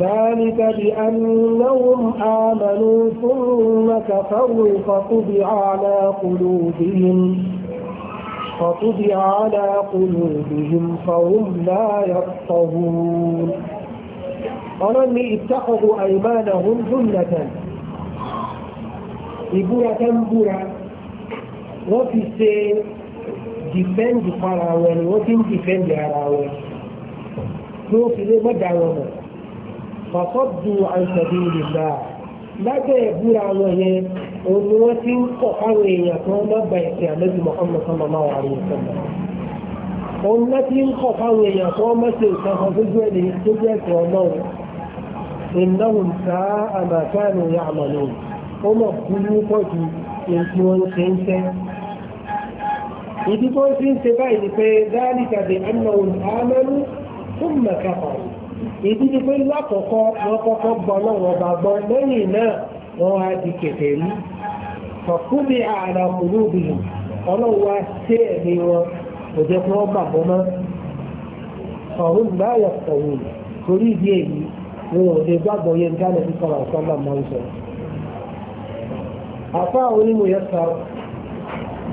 ذلك بأنهم آمنوا ثم كفروا فطبع على قلوبهم فطبع على قلوبهم فهم لا يفقهون ولم اتخذوا أيمانهم جنة إبوة tán وفي السير dìfẹ́ǹdì para wọn ni defend ti ara wọn tí wọ́n fi lé wọn mọ̀ fàfọ́dù àǹtẹ̀bí ìlà lábẹ́ ìbúra wọn yẹn òun ni ti ń kọ̀ èèyàn ba ìsìn àlejò mọ̀kànlá kan máa wà ní ìsọ̀mọ̀ òun náà ti ń kọ̀ káwọn èèyàn kan má ṣe nǹkan kan ọlọ́run ìdí tó ń fi ń ṣe báyìí ni pé dáríkà bí anáwòrán amẹ́rú fún mẹ́kàfà ìdí ni pé lákọ̀ọ́kọ́ wọ́n kọ́kọ́ gbọ́ lọ́wọ́ bá gbọ́ lẹ́yìn náà wọ́n wá di kẹ̀kẹ́ rí fọ̀kúbi ààrà kùlúùbì ọlọ́run wá sí ẹ̀mí wọn kò jẹ́ kí wọ́n gbàgbọ́ mọ́ ọ̀hún báyọ̀ ọ̀hún torí ìdí èyí wọn ò lè gbàgbọ́ yẹn dáná sí sọ̀rọ̀ àṣọ náà máa ń sọ. àfáà onímọ̀ yẹn sọ̀rọ̀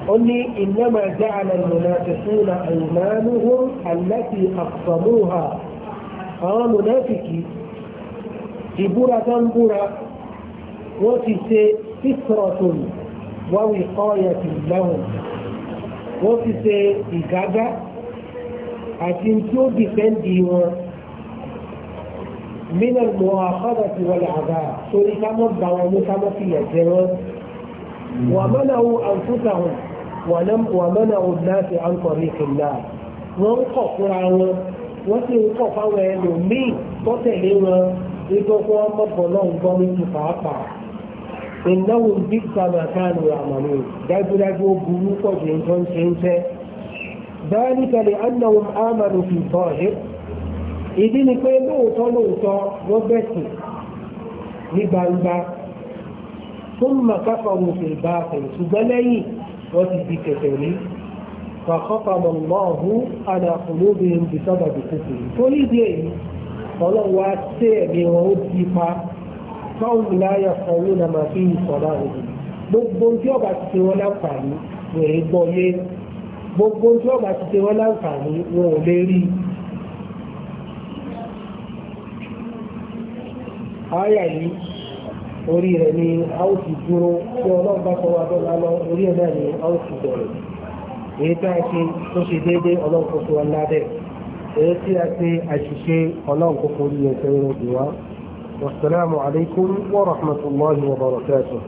قلني إنما جعل المنافقون أيمانهم التي أقسموها àwọn mùnáfìkì ìbúra tó ń búra wọ́n ti ṣe fífọ́rọ̀tún wáwí ọ̀yẹ̀tì lẹ́wọ̀n wọ́n ti ṣe ìgágá àti tí ó dìfẹ́ǹdì wọn mílẹ̀ mọ́ àkọ́dà ti wọlé àgbà torí ká mọ́ bá wọn mú ká mọ́ fìyà jẹ wọn wọ́n mọ́nà àwọn àǹfùtà wọn. ومنعوا الناس عن طريق الله وانقفوا عنه وانقفوا عنه من تتلوا ìgbọ́kọ́ ọmọkànlọ́hùn gbọ́ ní ti pàápàá ìnáwó bíkà máa káàlù àmàlù dájúdájú ó burú pọ̀ jù nǹkan ṣe ń fẹ́ báyìí kẹlẹ̀ annáwó àmàlù fi bọ̀ ẹ́ ìdí ni pé lóòótọ́ lóòótọ́ wọ́n bẹ̀sì ní gbangba tó mọ̀ káfà wò ṣùgbọ́n lẹ́yìn wọ́n ti di kẹ̀kẹ́ rí fàkọ́kàmọ̀ lọ́ọ̀hù àdà olóbìnrin bí sábà bí kòkòrò tó ní ìdí èyí ọlọ́run wá tẹ́ ẹ̀mí wọn gbogbo tí ọba ti ṣe wọn láǹfààní wọn ò gbogbo tí ọba ti ṣe wọn láǹfààní wọn ò lè rí i. àyà yìí orí rẹ̀ ni a ó ti dúró tí ọlọ́run bá sọ wá dọ́là lọ orí ẹ̀ náà ni a ó ti bẹ̀rẹ̀ èyí tí a ṣe tó ṣe déédéé ọlọ́run kò fún wa èyí tí a ṣe àṣìṣe ọlọ́run kò fún orí ẹ̀ jù wá wasalaamu alaykum wa rahmatulahi wa barakatuh.